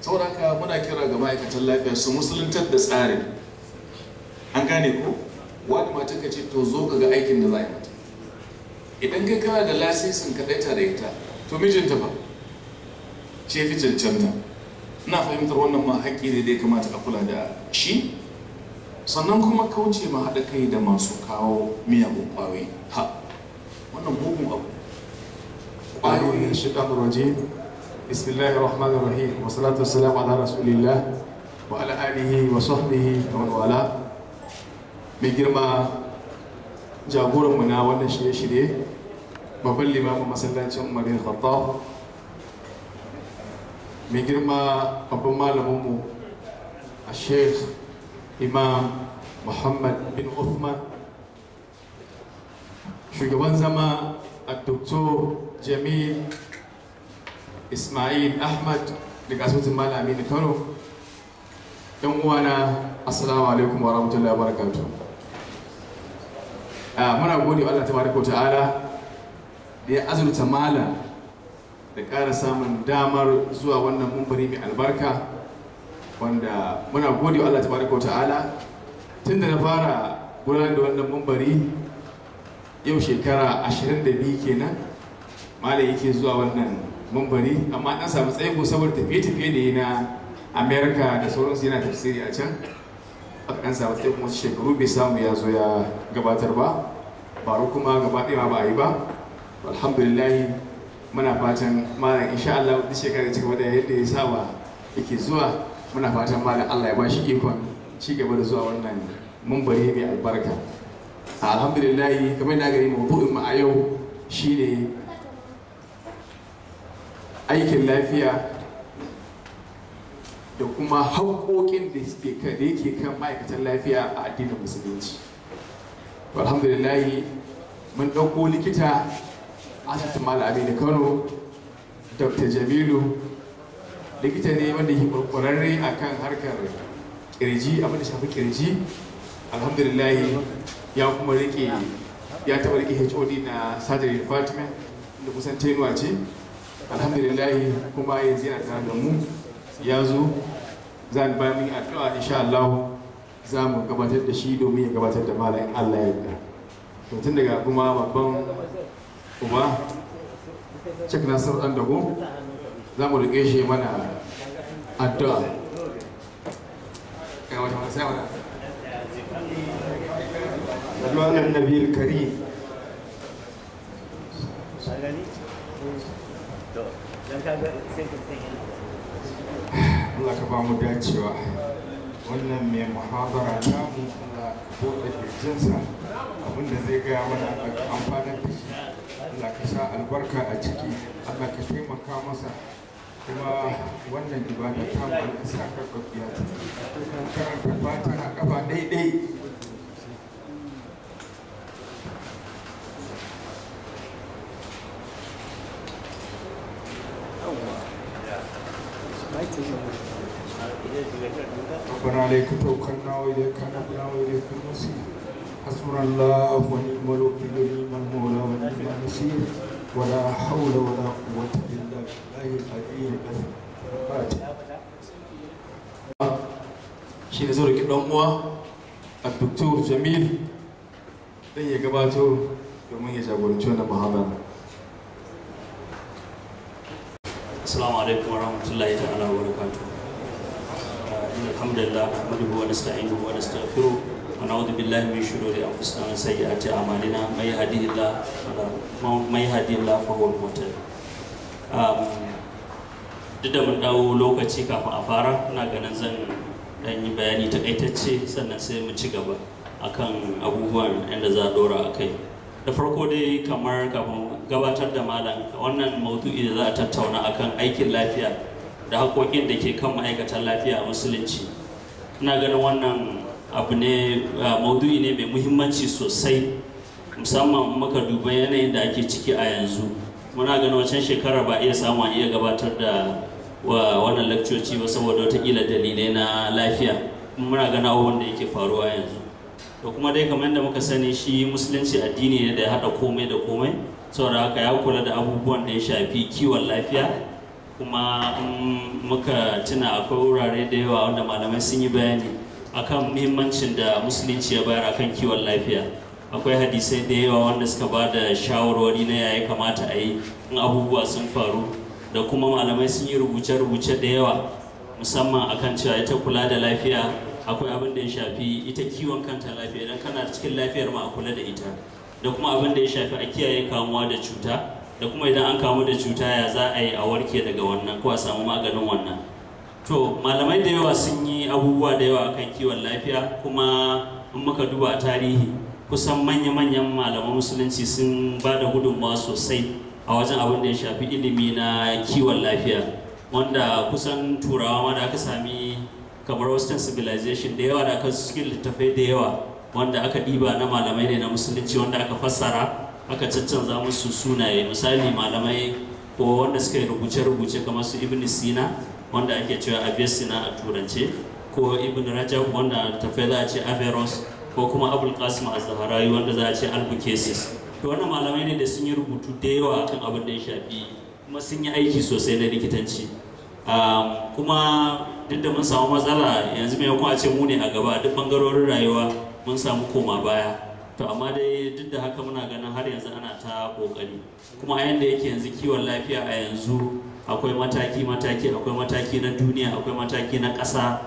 Sauraka muna kira ga ma'aikatan lafiya su musuluntar da tsari. an gane ko wani mata ka ce to zo ka ga aikin da za a yi mata idan kai kana da lasisin kaɗaita da ita to mijinta ba ce fi cancanta ina fahimtar wannan ma haƙƙi ne da ya kamata a kula da shi sannan kuma kauce ma haɗa kai da masu kawo miyagun ƙwayoyi ha wannan mugun abu ƙwayoyin shi ɗan rajin بسم الله الرحمن الرحيم والصلاة والسلام على رسول الله وعلى آله وصحبه ومن والاه mai girma jagoranmu na wannan shirye-shirye babban limamin masallacin umarin khattab mai girma babban malaminmu a sheikh imam muhammad bin uthman shugaban zama a doktor jamil ismail ahmad daga asibitin malami Aminu kano yan uwana assalamu alaikum wa rahmatullahi wa barakatu ah, muna gode Allah ta baraka ta'ala da ya azurta malam da ƙara samun damar zuwa wannan mumbari mai albarka wanda muna gode Allah ta baraka ta'ala tun da na fara gudanar da wannan mumbari yau shekara 22 kenan malam yake zuwa wannan mumbari amma an samu tsaiko saboda tafiye-tafiye da yi na amerika da sauransu yana tafsiri a can aka dan samu tsaiko wasu shekaru bai samu ya zo ya gabatar ba baro kuma gaba ɗaya ba a yi ba alhamdulillah muna fatan malam insha Allah duk shekara ya cigaba da yadda ya saba yake zuwa muna fatan malam Allah ya ba shi ikon ci gaba da zuwa wannan mumbari mai albarka alhamdulillah kamar da gari maudu'in mu a yau shine aikin lafiya da kuma haƙoƙin da yake kan ma'aikatan lafiya a addinin musulunci alhamdulillah mun ɗauko likita asibitin malami da kano dr jamilu likita ne wanda ke kwararre a kan harkar kirji abin da shafi kirji alhamdulillah ya kuma rike ya taɓa rike hod na surgery department da kusan tenuwa ce alhamdulillah kuma ya yana tare da mu ya zo za ni bayan mun addu'a insha Allah za mu gabatar da shi domin ya gabatar da malayin Allah ya yi to tun daga kuma babban uba cik nasar dan dago za mu rike shi mana addu'a Allah wata masaya mana addu'a karim Allah ka mu dacewa wannan mai muhabara ta mu Allah da buɗe abin abinda zai gaya mana Allah ka da shi Allah ka sa albarka a ciki Allah ka taimaka masa kuma wannan ibada ta mu Allah sa ka gabiya ta karanta fata a kafa daidai عليك توكلنا وإليك نبنا وإليك المصير حسبنا الله ونعم الوكيل ونعم المولى ونعم النصير ولا حول ولا قوة إلا بالله العلي العظيم shi ne zaurakin ɗan uwa a doktor jamil don ya gabato domin ya jagoranci wannan muhammad assalamu alaikum warahmatullahi ta'ala الحمد لله نحمده ونستعينه ونستغفره ونعوذ بالله من شرور انفسنا ومن سيئات اعمالنا من يهده الله فلا من يهده الله فهو المهتد duk da mun dawo lokaci kafin a fara ina ganin zan dan yi bayani takaitacce sannan sai mu ci gaba akan abubuwan yadda za a dora a kai da farko dai kamar kafin gabatar da malam wannan maudu'i da za a tattauna akan aikin lafiya da haƙoƙin da ke kan ma'aikatan lafiya a musulunci ina ganin wannan abu ne maudu'i ne mai muhimmanci sosai musamman muka duba yanayin da ake ciki a yanzu muna ganin wancan shekara ba iya samu a iya gabatar da wa wannan lakcoci ba saboda wata watakila dalilai na lafiya muna ganin abubuwan da yake faruwa yanzu da kuma dai kamar yadda muka sani shi musulunci addini ne da ya haɗa komai da komai saboda haka ya kula da abubuwan da ya shafi kiwon lafiya kuma muka tuna akwai wurare da yawa wanda malamai sun yi bayani akan muhimmancin da musulunci ya bayar akan kiwon lafiya akwai hadisai da yawa wanda suka ba da shawarwari na yaya kamata a yi in abubuwa sun faru da kuma malamai sun yi rubuce-rubuce da yawa musamman akan cewa ita kula da lafiya akwai abin da ya shafi ita kiwon kanta lafiya idan kana cikin lafiyar ma a kula da ita da kuma abin da ya shafi a kiyaye kamuwa da cuta da kuma idan an kamu da cuta ya za a yi a warke daga wannan ko a samu maganin wannan to malamai da yawa sun yi abubuwa da yawa kan kiwon lafiya kuma in muka duba tarihi kusan manya-manyan malaman musulunci sun ba da gudunmawa sosai a wajen abin da ya shafi ilimi na kiwon lafiya wanda kusan turawa ma da aka sami kamar western civilization da yawa da aka suke littattafai da yawa wanda aka diba na malamai ne na musulunci wanda aka fassara aka caccanza su sunaye misali malamai ko wanda suka yi rubuce-rubuce kamar su ibn sina wanda ake cewa avestina a turance ko ibn rajab wanda tafai za a ce averroes ko kuma abul qasim az-zaharawi wanda za a ce albucasis to wannan malamai ne da sun yi rubutu da yawa akan abin da ya shafi kuma sun yi aiki sosai na likitanci kuma duk da mun samu matsala yanzu kuma a ce mu ne a gaba duk bangarorin rayuwa mun samu koma baya to amma dai duk da haka muna ganin har yanzu ana ta kokari kuma a yanda yake yanzu kiwon lafiya a yanzu akwai mataki mataki akwai mataki na duniya akwai mataki na ƙasa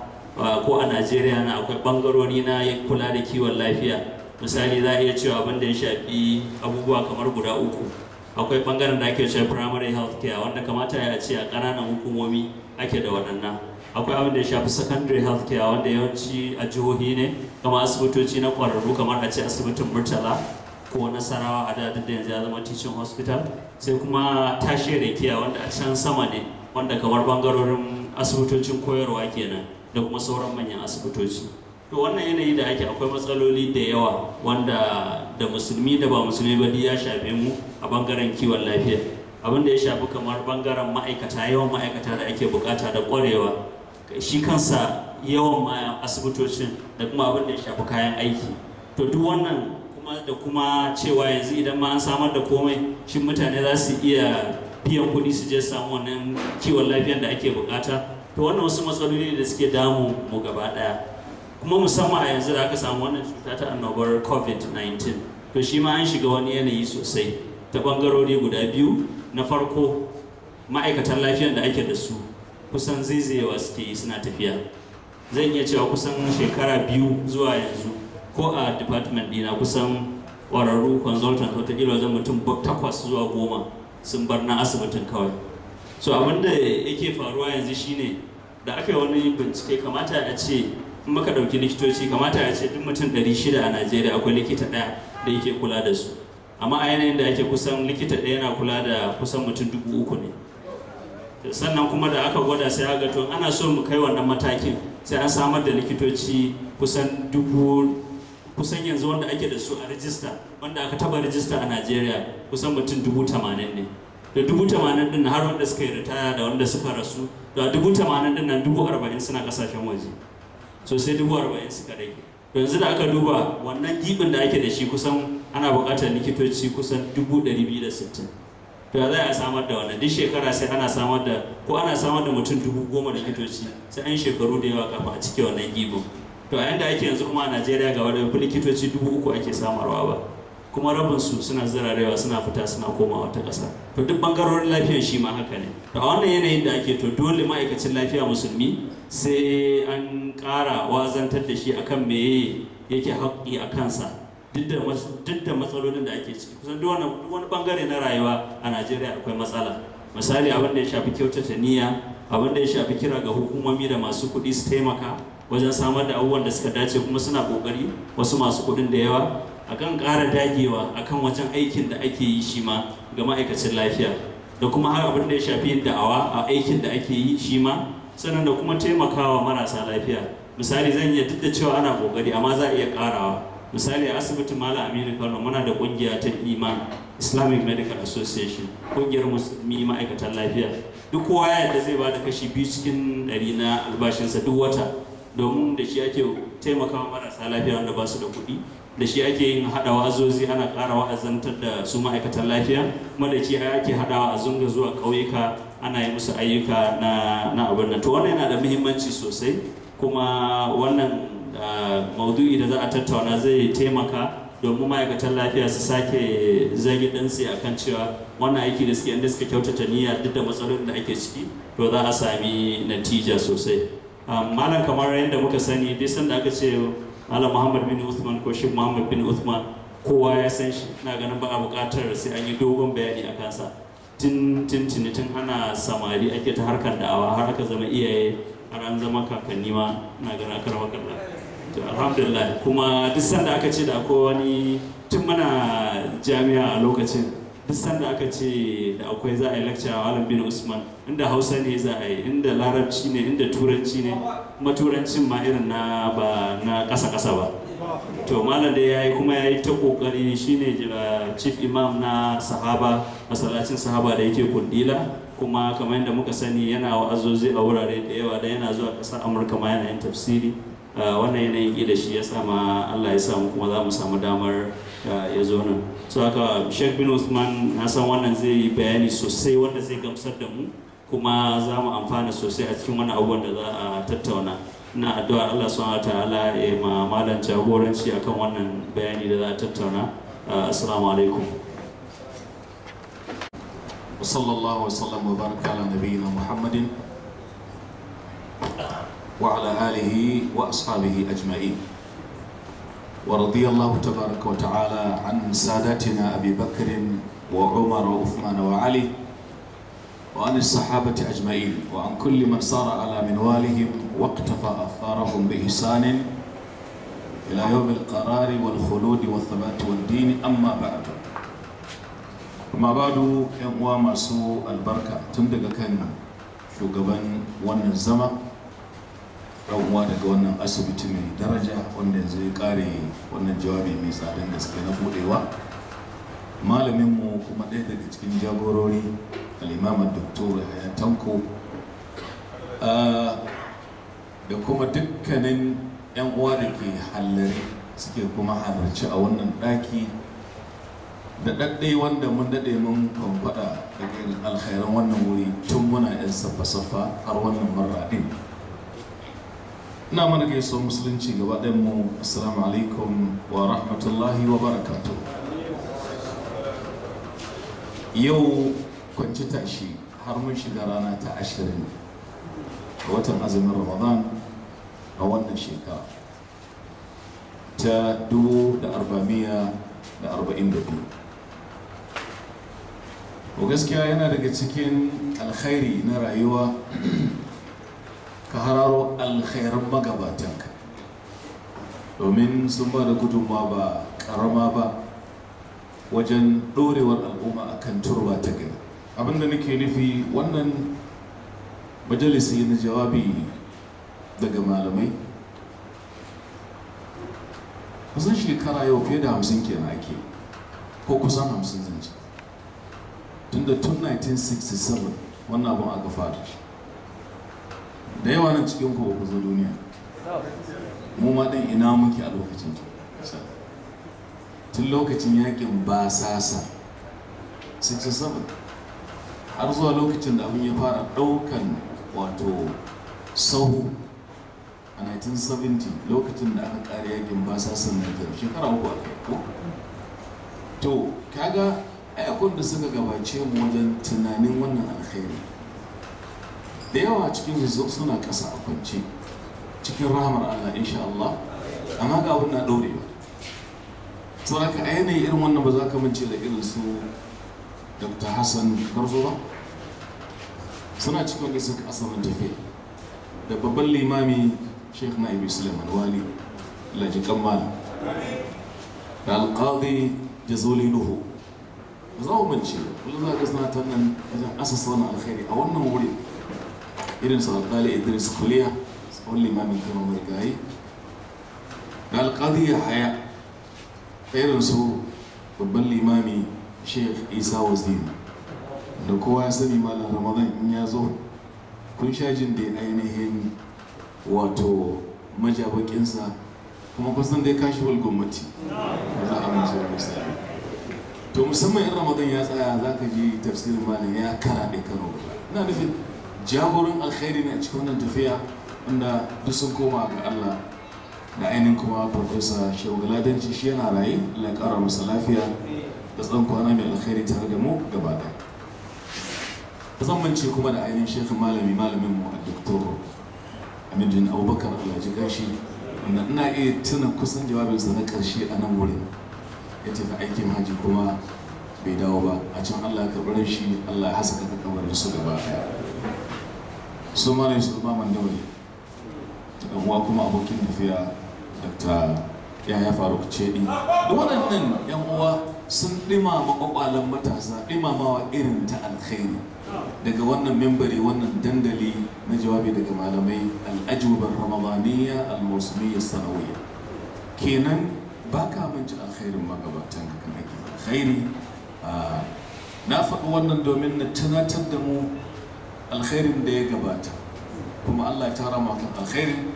ko a najeriya na akwai bangarori na kula da kiwon lafiya misali za a iya cewa abin da ya shafi abubuwa kamar guda uku akwai bangaren da ake cewa primary health care wanda kamata ya ce a ƙananan hukumomi ake da waɗannan akwai abin da ya shafi secondary health care wanda yawanci a jihohi ne kamar asibitoci na ƙwararru kamar a ce asibitin murtala ko nasarawa a da da yanzu ya zama teaching hospital sai kuma tashe da kiya wanda a can sama ne wanda kamar bangarorin asibitocin koyarwa kenan da kuma sauran manyan asibitoci to wannan yanayi da ake akwai matsaloli da yawa wanda da musulmi da ba musulmi ba ya shafe mu a bangaren kiwon lafiya abin da ya shafi kamar bangaren ma'aikata yawan ma'aikata da ake bukata da kwarewa shi kansa yawan ma asibitocin da kuma abin da ya shafi kayan aiki to duk wannan kuma da kuma cewa yanzu idan ma an samar da komai shi mutane za su iya biyan kuɗi su je samu wannan kiwon lafiyar da ake bukata to wannan wasu matsaloli da suke damu mu gaba ɗaya kuma musamman a yanzu da aka samu wannan cuta ta annobar covid-19 to shi ma an shiga wani yanayi sosai ta bangarori guda biyu na farko ma'aikatan lafiyar da ake da su kusan zaizayewa suke yi suna tafiya zan iya cewa kusan shekara biyu zuwa yanzu ko a department dina kusan ƙwararru consultant watakila wajen mutum takwas zuwa goma sun bar na asibitin kawai so abin da yake faruwa yanzu shine da aka yi wani bincike kamata a ce in muka ɗauki likitoci kamata a ce duk mutum shida a najeriya akwai likita ɗaya da yake kula da su amma a yanayin da ake kusan likita ɗaya na kula da kusan mutum dubu uku ne sannan kuma da aka gwada sai ga to ana so mu kai wannan matakin sai an samar da likitoci kusan dubu kusan yanzu wanda ake da su a rijista wanda aka taba rijista a najeriya kusan mutum dubu tamanin ne da dubu tamanin din har wanda suka yi ritaya da wanda suka rasu da dubu tamanin din nan dubu arba'in suna kasashen waje so sai dubu arba'in suka rage yanzu da aka duba wannan gibin da ake da shi kusan ana buƙatar likitoci kusan 260 to za a samar da wannan duk shekara sai ana samar da ko ana samar da mutum dubu goma likitoci sai an shekaru da yawa kafa a cike wannan gibo to a yanda ake yanzu kuma a najeriya ga wadda fi likitoci dubu uku ake samarwa ba kuma rabin su suna zirarewa suna fita suna komawa ta ƙasa to duk bangarorin lafiyar shi ma haka ne to a wannan yanayin da ake to dole ma'aikacin lafiya musulmi sai an ƙara wazantar da shi akan meye yake haƙƙi a kansa duk da matsalolin da ake ciki kusan duk wani bangare na rayuwa a najeriya akwai matsala misali abin da ya shafi kyautata niyya abin da ya shafi kira ga hukumomi da masu kuɗi su taimaka wajen samar da abubuwan da suka dace kuma suna ƙoƙari wasu masu kuɗin da yawa akan ƙara dagewa akan wajen aikin da ake yi shi ma ga ma'aikacin lafiya da kuma har abin da ya shafi yin da'awa a aikin da ake yi shi ma sannan da kuma taimakawa marasa lafiya misali zan iya duk da cewa ana ƙoƙari amma za a iya ƙarawa misali a asibitin mala aminu kano muna da kungiya ta iman islamic medical association kungiyar musulmi ma'aikatan lafiya duk kowa ya yadda zai ba da kashi biyu cikin ɗari na albashinsa duk wata domin da shi ake taimakawa marasa lafiya wanda ba su da kuɗi da shi ake yin haɗa wa'azozi ana ƙara wa'azantar da su ma'aikatan lafiya kuma da shi ake haɗawa a zunga zuwa ƙauyuka ana yi musu ayyuka na, na abin nan to wannan yana da muhimmanci sosai kuma wannan ah, maudu'i da za a tattauna zai taimaka domin ma'aikatan lafiya su sake zagi dantse a kan cewa wannan aiki da suke inda suka kyautata niyya duk da matsalolin da ake ciki to za a sami natija sosai ah, malam kamar yadda muka sani dai sanda aka ce malam muhammad bin usman ko shi muhammad bin usman kowa ya san shi ina ganin ba a buƙatar sai an yi dogon bayani a kansa tun tun tun ana samari ake ta harkar da'awa har aka zama iyaye har an zama kakanni ma na gana akar makalla to alhamdulillah kuma duk sanda aka ce da akwai wani tun mana jami'a a lokacin duk sanda aka ce da akwai za a yi lecture a bin usman inda hausa ne za a yi inda larabci ne inda turanci ne kuma turancin ma irin na ba na ƙasa-ƙasa ba to malam da ya yi kuma ya yi ta kokari shine chief imam na sahaba masallacin sahaba da yake kundila kuma kamar yadda muka sani yana wa'azozi a wurare da yawa da yana zuwa ƙasar amurka ma yana yin tafsiri ah, wannan yanayin da shi ya sama allah ya samu kuma za mu samu damar ah, ya zo nan so haka sheikh bin usman na san wannan zai yi bayani sosai wanda zai gamsar da mu kuma za mu amfana sosai a cikin wani abubuwan da za a tattauna na addu'a Allah subhanahu ta'ala ya ma malam jagoranci akan wannan bayani da za a tattauna uh, assalamu alaikum wa sallallahu wasallam wa baraka ala nabiyina muhammadin wa ala alihi wa ashabihi ajma'in ورضي الله تبارك وتعالى abubakar wa umar wa وعمر wa ali وعن الصحابة أجمعين وعن كل من صار على منوالهم واقتفى أثارهم بإحسان إلى يوم القرار والخلود والثبات والدين أما بعد أما بعد يوم ماسو البركة تندق كان شو ون الزمة أو ما تقولنا أسبت من درجة ون الزيكاري ون الجواب ميزادن نسكنا فوق malaminmu kuma ɗaya daga cikin jagorori al'imamar doktor ya tanko da kuma dukkanin 'yan uwa da ke hallari suke kuma halarci a wannan ɗaki da ɗaɗɗai wanda mun daɗe mun kwamfada daga yin alkhairan wannan wuri tun muna 'yan saffa-saffa har wannan marra ɗin ina mana gaisuwar musulunci gaba ɗayan mu assalamu alaikum wa rahmatullahi wa barakatuh yau kwanci tashi har mun shiga rana ta ashirin ga watan azumin ramadan a wannan shekara ta dubu da arba'amiya da arba'in da biyu gaskiya yana daga cikin alkhairi na rayuwa ka hararo alkhairan magabatanka domin sun ba da gudunmawa ba ƙarama ba wajen ɗorewar al'umma a kan turwa ta gari abinda nake nufi wannan majalisi na jawabi daga malamai kusan shekara yau fiye da hamsin kenan ake ko kusan hamsin zance tun da tun 1967 wannan abin aka fara shi da yawa nan cikin kowa ba duniya mu ma ɗin ina muke a lokacin ta tun lokacin yakin sasa 67 har zuwa lokacin da abin ya fara daukan wato sahu a 1970 lokacin da aka kare yakin basasan na ta shekara uku a kai ko to kaga ayakun da suka gabace mu wajen tunanin wannan alkhairi da yawa cikin su suna ƙasa a kwance cikin rahamar Allah insha Allah amma ga abin na ɗorewa to haka a yanayi irin wannan ba za ka mance da irin su dr hassan barzo ba suna cikin wanda suka asamin tafiya da babban limami sheikh na'ibu suleiman wali laji kammal da alƙadi jazoli nuhu ba za mu mance kullum za ka suna ta nan wajen asasa wani alkhairi a wannan wuri irin su alƙali idris kuliya tsawon limamin kano marigayi da alƙadi ya haya irin su babban limami sheikh isa wazdini da kowa ya sani malam ramadan in ya zo kun sha jin da ainihin wato majabakinsa kuma kusan dai kashi wal gwamnati ba za a mace da to musamman 'yan ramadan ya tsaya za ka ji tafsirin malam ya kara karaɗe kano ina nufin jagorin alkhairi ne a cikin wannan tafiya inda duk sun koma ga allah da ainihin kuma farfesa shehu galadanci shi yana raye Allah ya masa lafiya da tsawon kwana mai alkhairi tare da mu gaba da mance kuma da ainihin shekhin malami malamin mu a doktoro amindin abubakar alhaji gashi wanda ina iya tuna kusan jawabinsa na ƙarshe a nan wurin ya tafi aikin hajji kuma bai dawo ba a can allah karɓar shi allah ya hasa kaka kamar su gaba ɗaya su mara su ba man dawali uwa kuma abokin tafiya ta yaya faruk cedi da waɗannan 'yan uwa sun ɗimama ƙwaƙwalen matasa ɗimamawa irin ta alkhairi daga wannan membari wannan dandali na jawabi daga malamai al'ajubar ramadaniya al-musulmiya sanawiya kenan ba ka manci alkhairin magabatan ka ake alkhairi ah, na faɗi wannan domin na tunatar da mu alkhairin da ya gabata kuma allah ya tara makan alkhairin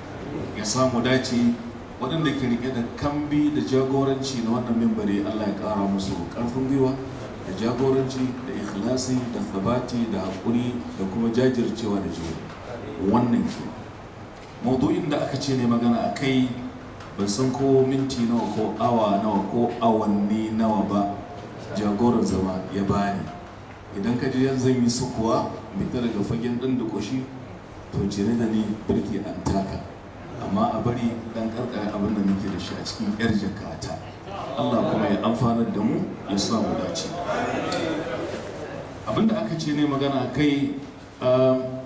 ya samu dace waɗanda ke rike da kambi da jagoranci na wannan membari allah ya ƙara musu ƙarfin gwiwa da jagoranci da ikhlasi da sabati da haƙuri da kuma jajircewa da juna wannan ke maudu'in da aka ce ne magana a kai ban san ko minti nawa ko awa nawa ko awanni nawa ba jagoran zama ya bani idan ka ji yanzu yi kuwa, mai daga fagen ɗan da ƙoshi to jere da ni birki an taka amma a bari dan karkara abin da muke da shi a cikin yar jakata Allah kuma ya amfanar da mu ya sa mu dace abin aka ce ne magana kai um,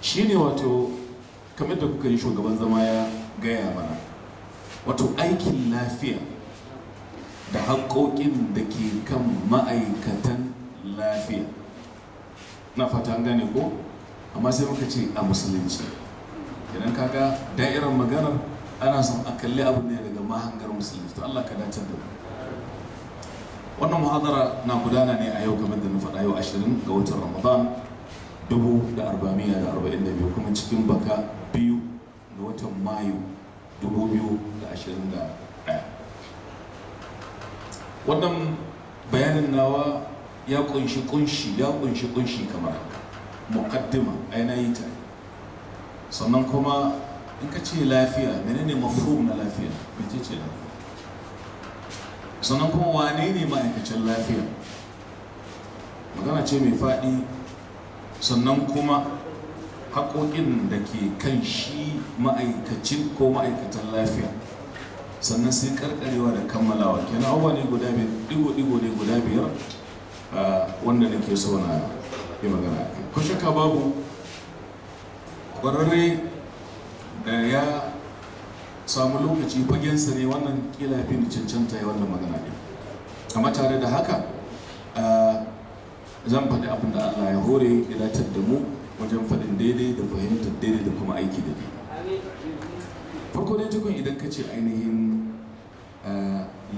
shi ne wato kamar da kuka yi shugaban zama ya gaya mana wato aikin lafiya da haƙoƙin da ke kan ma'aikatan lafiya na fata an gane ko amma sai muka ce a musulunci idan kaga da'irar maganar ana son a kalli abu ne daga mahangar musulmi to Allah ka dace da wannan muhadara na gudana ne a yau game da nufa yau 20 ga watan Ramadan 1442 kuma cikin baka biyu ga watan Mayu 2021 wannan bayanin nawa ya kunshi kunshi ya kunshi kunshi kamar haka muqaddima ai na yi ta sannan kuma in ka ce lafiya menene mafhum na lafiya mace ce lafiya sannan kuma wane ne ma'aikacin lafiya magana ce mai faɗi sannan kuma haƙoƙin da ke kan shi ma'aikacin ko ma'aikatan lafiya sannan sai karkarewa da kammalawa kenan abubuwa ne guda biyar digo-digo ne guda biyar ah, wanda nake so na yi magana ko ka babu kwararre da ya samu lokaci fagensa ne wannan kila ya fi ni cancanta ya wannan magana ne amma tare da haka zan faɗi abin da allah ya hore ya datar da mu wajen faɗin daidai da fahimtar daidai da kuma aiki da farko dai tukun idan ka ce ainihin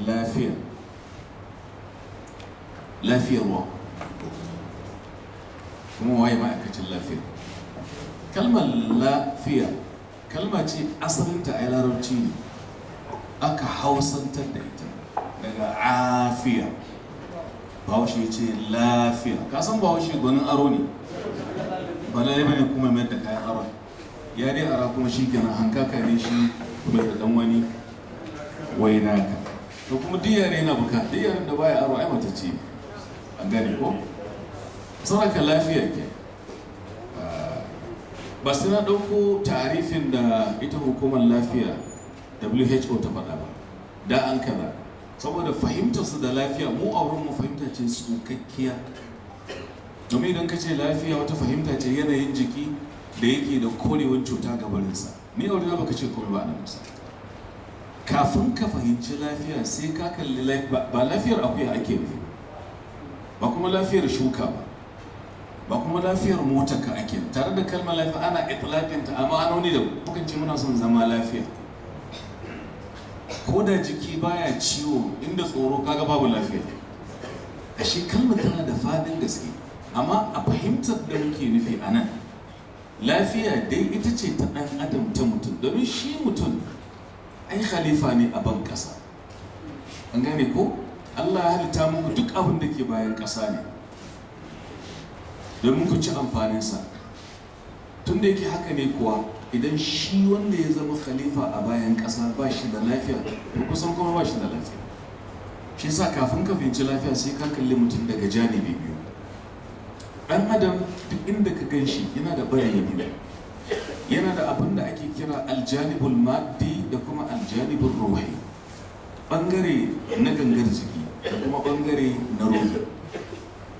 lafiya lafiyarwa kuma waye ma'aikacin lafiya kalmar lafiya kalma ce asalinta a larabci ne aka hausantar da ita daga afiya bahaushe ce lafiya kasan bahaushe gwanin aro ne ba lalai bane kuma mai da kayan aro ya dai ara kuma shi gina hankaka ne shi mai da dan wani wai naka to kuma duk yare na buka duk yaren da baya aro ai mata ce an gane ko sauraka lafiya ke ba su na ɗauko tarifin da ita hukumar lafiya who ta faɗa ba da an kaza saboda fahimtarsu da lafiya mu a mu fahimta ce tsukakkiya domin idan ka ce lafiya wata fahimta ce yanayin jiki da yake da korewar cuta gabarinsa ni a wurin baka ce komai ba na musa kafin ka fahimci lafiya sai ka kalli ba lafiyar akuya ake nufi ba kuma lafiyar shuka ba ba kuma lafiyar mota ka ake tare da kalmar lafiya ana ta a anoni da kukan ce muna son zama lafiya ko da jiki baya ciwo inda tsoro kaga babu lafiya ashe kalmar tana da fadin gaske amma a fahimtar da muke nufi a nan lafiya dai ita ce ta ɗan adam ta mutum domin shi mutum ai khalifa ne a ban ƙasa an gane ko allah ya halitta muku duk abin da ke bayan ƙasa ne domin ku ci amfaninsa tun da yake haka ne kuwa idan shi wanda ya zama khalifa a bayan ƙasa ba shi da lafiya to kusan kuma ba shi da lafiya shi sa kafin ka fahimci lafiya sai ka kalli mutum daga janibi biyu ɗan adam duk inda ka gan shi yana da barayi biyu yana da abin da ake kira aljanibul maddi da kuma aljanibul ruhi bangare na gangar jiki da kuma bangare na ruhi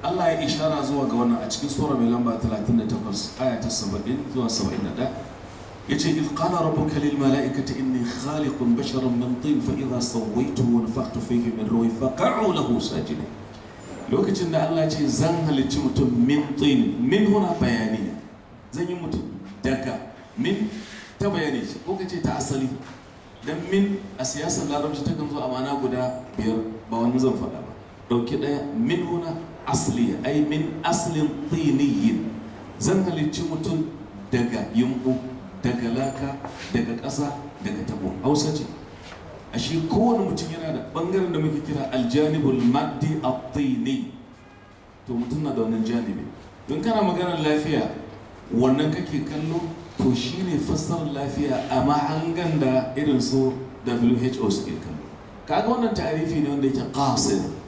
Allah ya ishara zuwa ga wannan a cikin sura mai lamba 38 aya ta 70 zuwa 71 yace iz qala rabbuka lil malaikati inni khaliqun basharan min tin fa idha sawaytu wa nafakhtu fihi min ruhi faq'u lahu sajidin lokacin da Allah ce zan halicci mutum min tin min huna bayani. zan yi mutum daga min ta bayani shi ko kace ta asali dan min a siyasar larabci takan zo a guda biyar ba wani zan faɗa ba ɗauki ɗaya min huna asli ai min aslin tiniyin zan halicci mutum daga yumbu daga laka daga ƙasa daga tabo hausa ce a shi kowane mutum yana da ɓangaren da muke kira aljanibul maddi at to mutum na da wannan janibi don kana maganar lafiya wannan kake kallo to shine fassarar lafiya amma an ganda irin su WHO suke kallo kaga wannan ta'arifi ne wanda yake qasid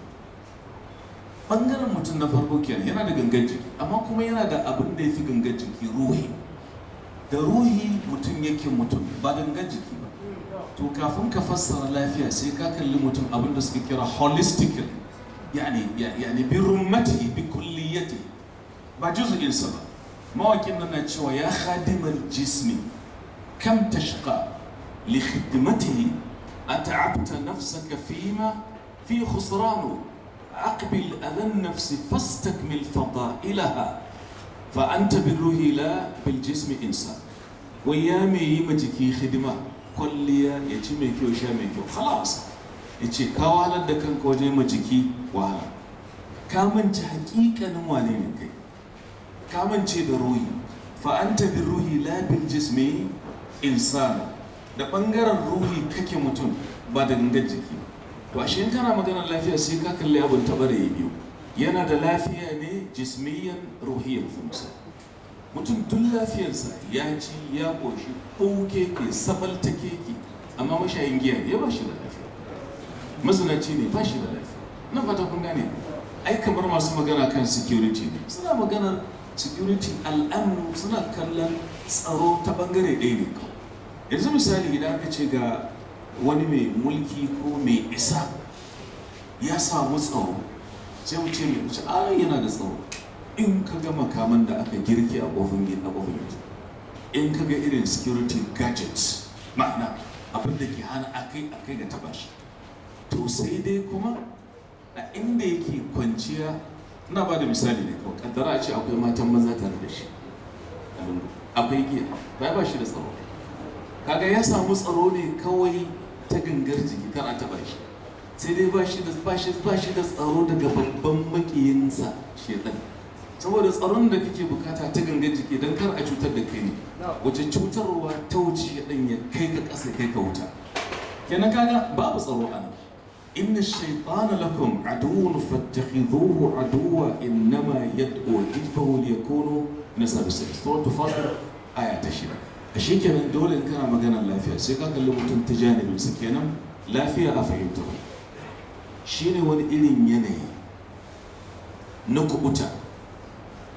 bangaren mutum na farko kenan yana da gangan jiki amma kuma yana da abin da ya fi gangan jiki ruhi da ruhi mutum yake mutum ba gangan jiki ba to kafin ka fassara lafiya sai ka kalli mutum abin da suka kira holistic yani yani bi rummati bi kulliyati ba juz'in sa ba mawakin nan na cewa ya khadimal jismi kam tashqa li khidmatihi at'abta nafsaka fima fi khusranu أقبل على النفس فاستكمل فضائلها فأنت بالروح لا بالجسم إنسان ويامي يمجكي خدمة kwalliya ya ci mai kyau sha mai kyau halas ya ce ka wahalar da kanka wajen ma jiki wahala ka mance wane ne kai ka da ruhi fa anta bi ruhi la bil da ɓangaren ruhi kake mutum ba da gangar jiki to a in kana maganar lafiya sai ka kalli abin tabarayi biyu yana da lafiya ne jismiyan ruhiyan funsa mutum tun lafiyarsa ya ci ya ƙoshi ɗauke ke ta keke amma mashayin giya ne ba shi da lafiya mazinaci ne ba shi da lafiya na fata kun gane ai kamar masu magana kan security ne suna maganar security al'amu suna kallon tsaro ta bangare ɗaya ne yanzu misali idan aka ce ga wani mai mulki ko mai isa ya samu tsaro sai wuce mai wuce a yana da tsaro in ka ga makaman da aka girki a kofin gida kofin gida in ka ga irin security gadget ma'ana abin da ke hana akai akai ga taba shi to sai dai kuma a inda yake kwanciya ina ba da misali ne kawai kaddara a ce akwai matan maza tare da shi akwai giya ba ba shi da tsaro kaga ya samu tsaro ne kawai ta gangar jiki tana ta shi. sai dai ba shi da tsaro daga babban makiyinsa shedan saboda tsaron da kake bukata ta gangar jiki don kar a cutar da kai ne wace cutarwa ta wuce dan ya kai ka ƙasa kai ka wuta kenan kaga babu tsaro a nan inna shaytana lakum aduwwun fattakhidhuhu aduwwa innama yad'u hizbahu liyakunu nasabisa suratul fatir aya ta shida a kenan dole in kana magana lafiya sai ka kalli mutum ta janibinsa kenan lafiya a fahimta shi ne wani irin yanayi na kubuta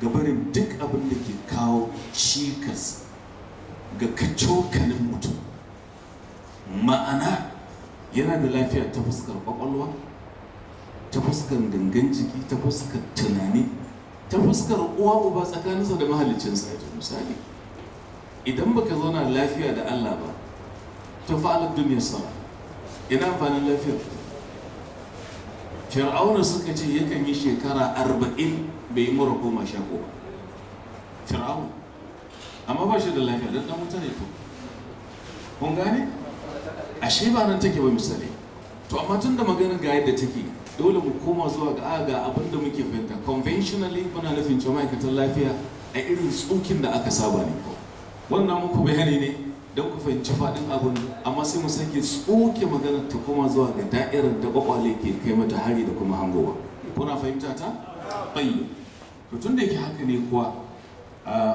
ga barin duk abin da ke kawo cikas ga kacokanin mutum ma'ana yana da lafiya ta fuskar kwakwalwa ta fuskar gangan jiki ta fuskar tunani ta fuskar uwa uba tsakaninsa da mahalicinsa ya misali idan baka zauna lafiya da Allah ba ta fa'alar duniya sama ina amfanin lafiyar fir'auna suka ce yakan yi shekara arba'in bai yi mura koma sha ko fir'auna amma ba shi da lafiya don dan wuta ne to kun gane ashe ba nan take ba misali to amma tun da maganar ga yadda take dole mu koma zuwa ga ga abin da muke fahimta conventionally muna nufin cewa ma'aikatan lafiya a irin tsokin da aka saba ne kawai wannan muku bayani ne don ku fahimci faɗin abin amma sai mu sake tsoke magana ta koma zuwa ga da'irar da kwakwale ke kai mata hari da kuma hangowa kuna fahimta ta bayyo to tun da yake haka ne kuwa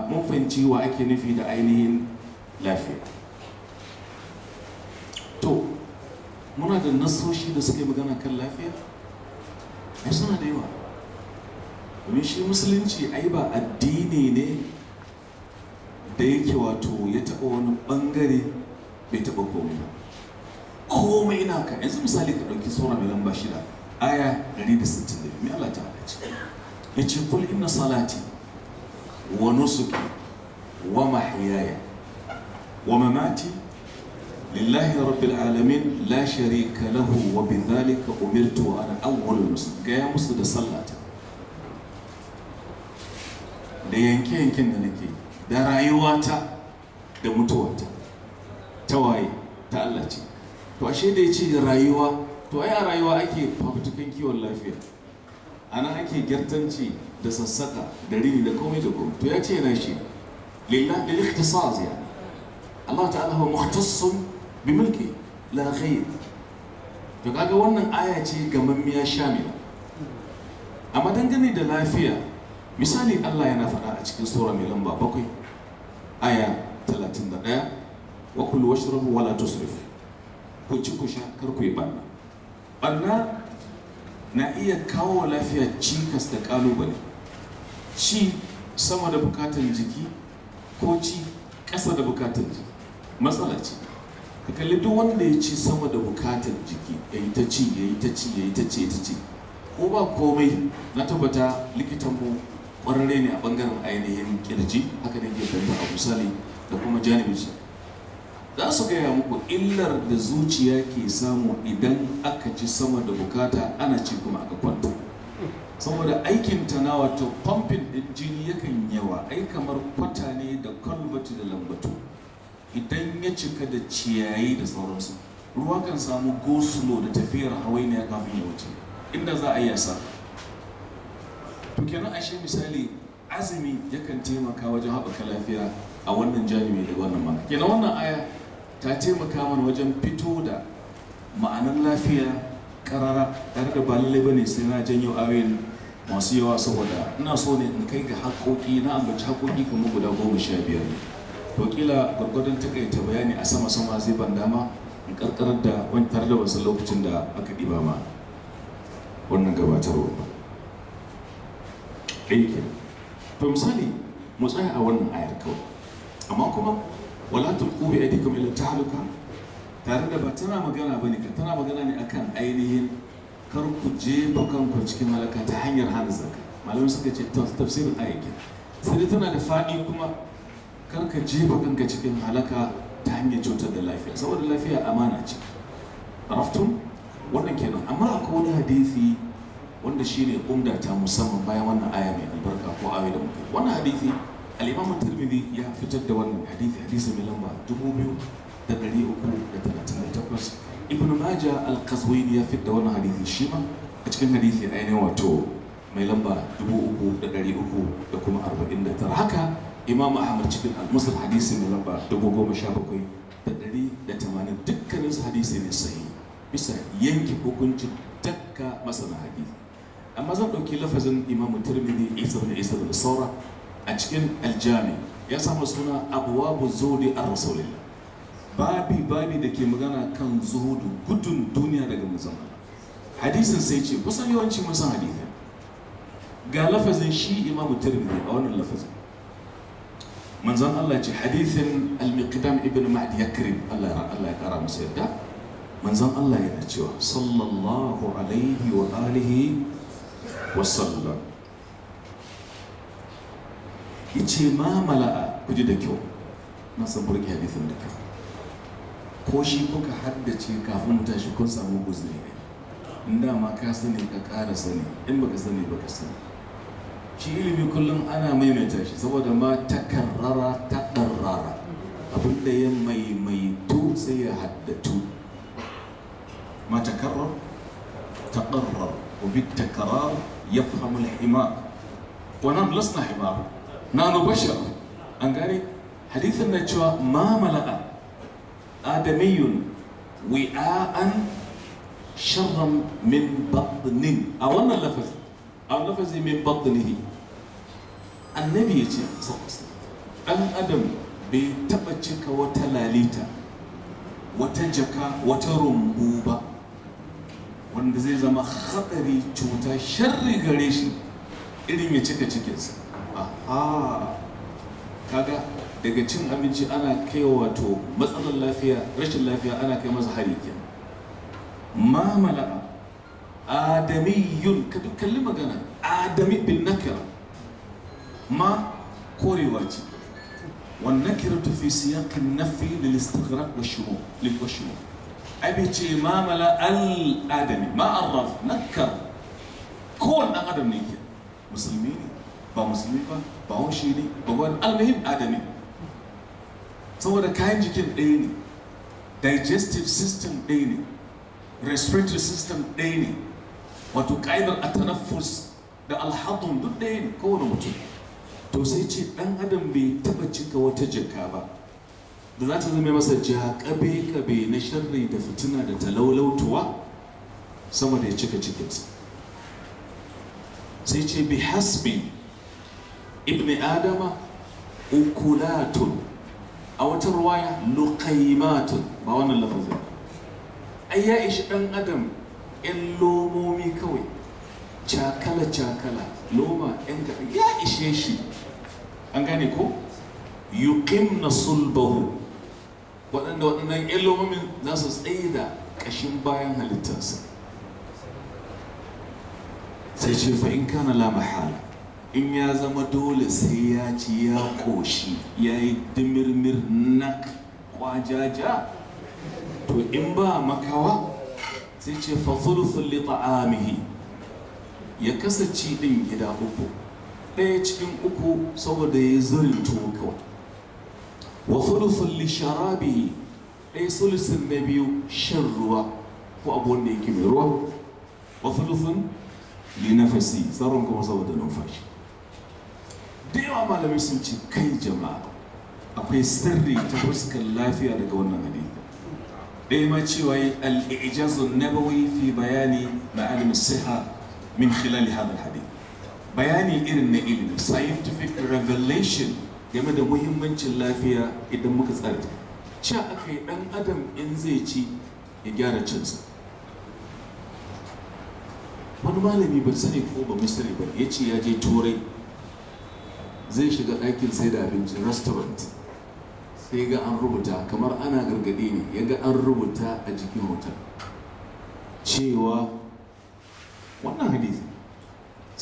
mun fahimci wa ake nufi da ainihin lafiya to muna da nasoshi da suke magana kan lafiya ai suna da yawa domin shi musulunci ai ba addini ne da yake wato ya taɓa wani ɓangare bai taɓa komai ba komai ina ka yanzu misali ka ɗauki sura mai lamba shida aya 162 mai Allah ta halarci ya ce kul inna salati wa nusuki wa mahiyaya wa mamati lillahi rabbil alamin la sharika lahu wa bidhalika umirtu wa ana awwalul musu. ga ya musu da sallata da yanke yankin da nake yi da rayuwata da mutuwata ta waye ta Allah ce to ashe da ya ce rayuwa to ai a rayuwa ake fafutukan kiwon lafiya a ake gyartanci da sassaka da rini da komai da komai to ya ce yana shi lillah bil ikhtisas ya Allah ta'ala huwa mukhtassun bi mulki la ghayr to kaga wannan aya ce mamiya shamila amma dangane da lafiya misali Allah yana faɗa a cikin sura mai lamba bakwai aya 31 wa kullu washrabu wala tusrif ku ci ku sha kar ku yi banna banna na iya kawo lafiya cikas da kalubale ci sama da bukatan jiki ko ci ƙasa da bukatan jiki matsala ce ka kalli duk wanda ya ci sama da bukatan jiki ya yi ta ci ya yi ta ci ya yi ta ci ya ta ci ko ba komai na tabbata likitan mu ƙwararre ne a ɓangaren ainihin kirji haka ne ke fahimta a misali da kuma janibinsa za su gaya muku illar da zuciya ke samu idan aka ci sama da bukata ana ci kuma aka kwanta saboda aikin ta na wato pumping din jini yakan yawa ai kamar kwata ne da kalbati da lambatu idan ya cika da ciyayi da sauransu ruwa kan samu gosulo da tafiyar hawainiya kafin ya wuce inda za a yi yasa to kenan ashe misali azumi yakan taimaka wajen haɓaka lafiya a wannan jami'i da wannan mana kenan wannan aya ta taimaka mana wajen fito da ma'anar lafiya karara tare da ba lallai bane sai na janyo awin masu yawa saboda ina so ne in kai ga haƙoƙi na ambaci haƙoƙi kuma guda goma sha biyar to kila gwargwadon takaita bayani a sama sama zai ban dama in karkarar da wani tare da wasu lokacin da aka ɗiba ma wannan gabatarwa ɗaya to misali mu tsaya a wannan ayar kawai amma kuma wala tulqu bi aydikum ila ta'aluka tare da ba tana magana bane ka tana magana ne akan ainihin kar ku jefa kanku cikin malaka ta hanyar hana zaka. malamai suka ce tafsirin ayar sai dai tana da faɗi kuma kar ka jefa kanka cikin halaka ta hanyar cutar da lafiya saboda lafiya amana ce raftun wannan kenan amma akwai wani hadisi wanda shi ne ta musamman bayan wannan aya mai albarka ko ayoyi da muke wannan hadithi al-imam ya fitar da wannan hadithi hadisi mai lamba 2338 ibn maja al-qazwini ya fitar da wannan hadithi shi ma a cikin hadisi ainihin wato mai lamba uku da kuma tara. haka imam ahmad cikin al musul hadisi mai lamba tamanin dukkanin hadisi ne sai bisa yanke hukuncin takka masana hadisi amma zan ɗauki lafazin imamu tirmidhi isa bin isa bin saura a cikin aljami ya samu suna abuwabu zuhudi a rasulillah babi babi da ke magana kan zuhudu gudun duniya daga manzon hadisin sai ce kusan yawanci mun san hadisin ga lafazin shi imamu tirmidhi a wannan lafazin manzon Allah ce hadisin al-miqdam ibn ma'd ya Allah Allah ya kara masa yadda manzon Allah yana cewa sallallahu alaihi wa alihi wasallam yace ma mala'a ku ji da kyau na san burki hadisin da kyau ko shi kuka haddace kafin mu tashi kun samu guzuri in dama ka sani ka ƙara sani in baka sani baka sani shi ilimi kullum ana maimaita shi saboda ma takarrara ta ɗarrara abinda ya maimaitu sai ya haddatu ma takarrar takarrar wa bi takarar يفهم الحمار ونحن لسنا حمار نحن بشر أنقاري حديث النجوى ما ملأ آدمي وعاء شرا من بطن أولا اللفظ أو اللفظ من بطنه النبي يجي صلى الله عليه وسلم الأدم بيتبجك وتلاليتا وتجك وترمبوبا wanda zai zama haɗari cuta sharri gare shi irin ya cika cikinsa aha kaga daga cin abinci ana kai wato matsalar lafiya rashin lafiya ana kai masa hari ke ma mala'a adamiyyun ka kalli magana adami bin nakira ma korewa ce wannan kiratu fi siyaqin nafi lil istighraq wa shumu lil shumu ai ce ma mala al-adami ma arraf nakkar kowane dan adam ne ke musulmi ne ba musulmi ba ba haushi ne ba wani almuhim adami saboda kayan jikin ɗaya ne digestive system ɗaya ne respiratory system ɗaya ne wato ƙa'idar atanaffus da alhadun duk ɗaya ne kowane mutum to sai ce ɗan adam bai taɓa cika wata jaka ba da za ta zama masa ja kabe-kabe na sharri da fitina da talaulautuwa sama da ya cika cikinsa sai ce bi hasbi ibn adama ukulatun a wata ruwaya luqaymatun ba wannan lafazin ai ya ishi ɗan adam yan lomomi kawai cakala cakala loma yan ya ishe shi an gane ko yuqimna sulbahu waɗanda waɗannan ilimin za su tsaye da ƙashin bayan halittarsa sai ce fa in kana la mahala in ya zama dole sai ya ci ya ƙoshi, ya yi dimirmir na kwajaja to in ba makawa sai ce fa li ta'amihi ya kasa ci ɗin gida uku ɗaya cikin uku saboda ya zurin tuwo kawai wa thuluthun li sharabi ɗaya sulusun na biyu shan ruwa ko abu wanda yake mai ruwa wa thuluthun li nafasi tsaron kuma saboda numfashi da yawa malamai sun ce kai jama'a akwai sirri ta fuskar lafiya daga wannan hadisi ɗaya ma cewa yi al-ijazun nabawi fi bayani ma'alim siha min khilal hadal hadith bayani irin na ilimi scientific revelation game da muhimmancin lafiya idan muka tsare ci aka yi dan adam in zai ci ya gyara cinsa wani malami bai sani ko ba misali ba ya ce ya je turai zai shiga ɗakin sai da abincin restaurant sai ga an rubuta kamar ana gargaɗe ne ya ga an rubuta a jikin hotel cewa wannan hadisi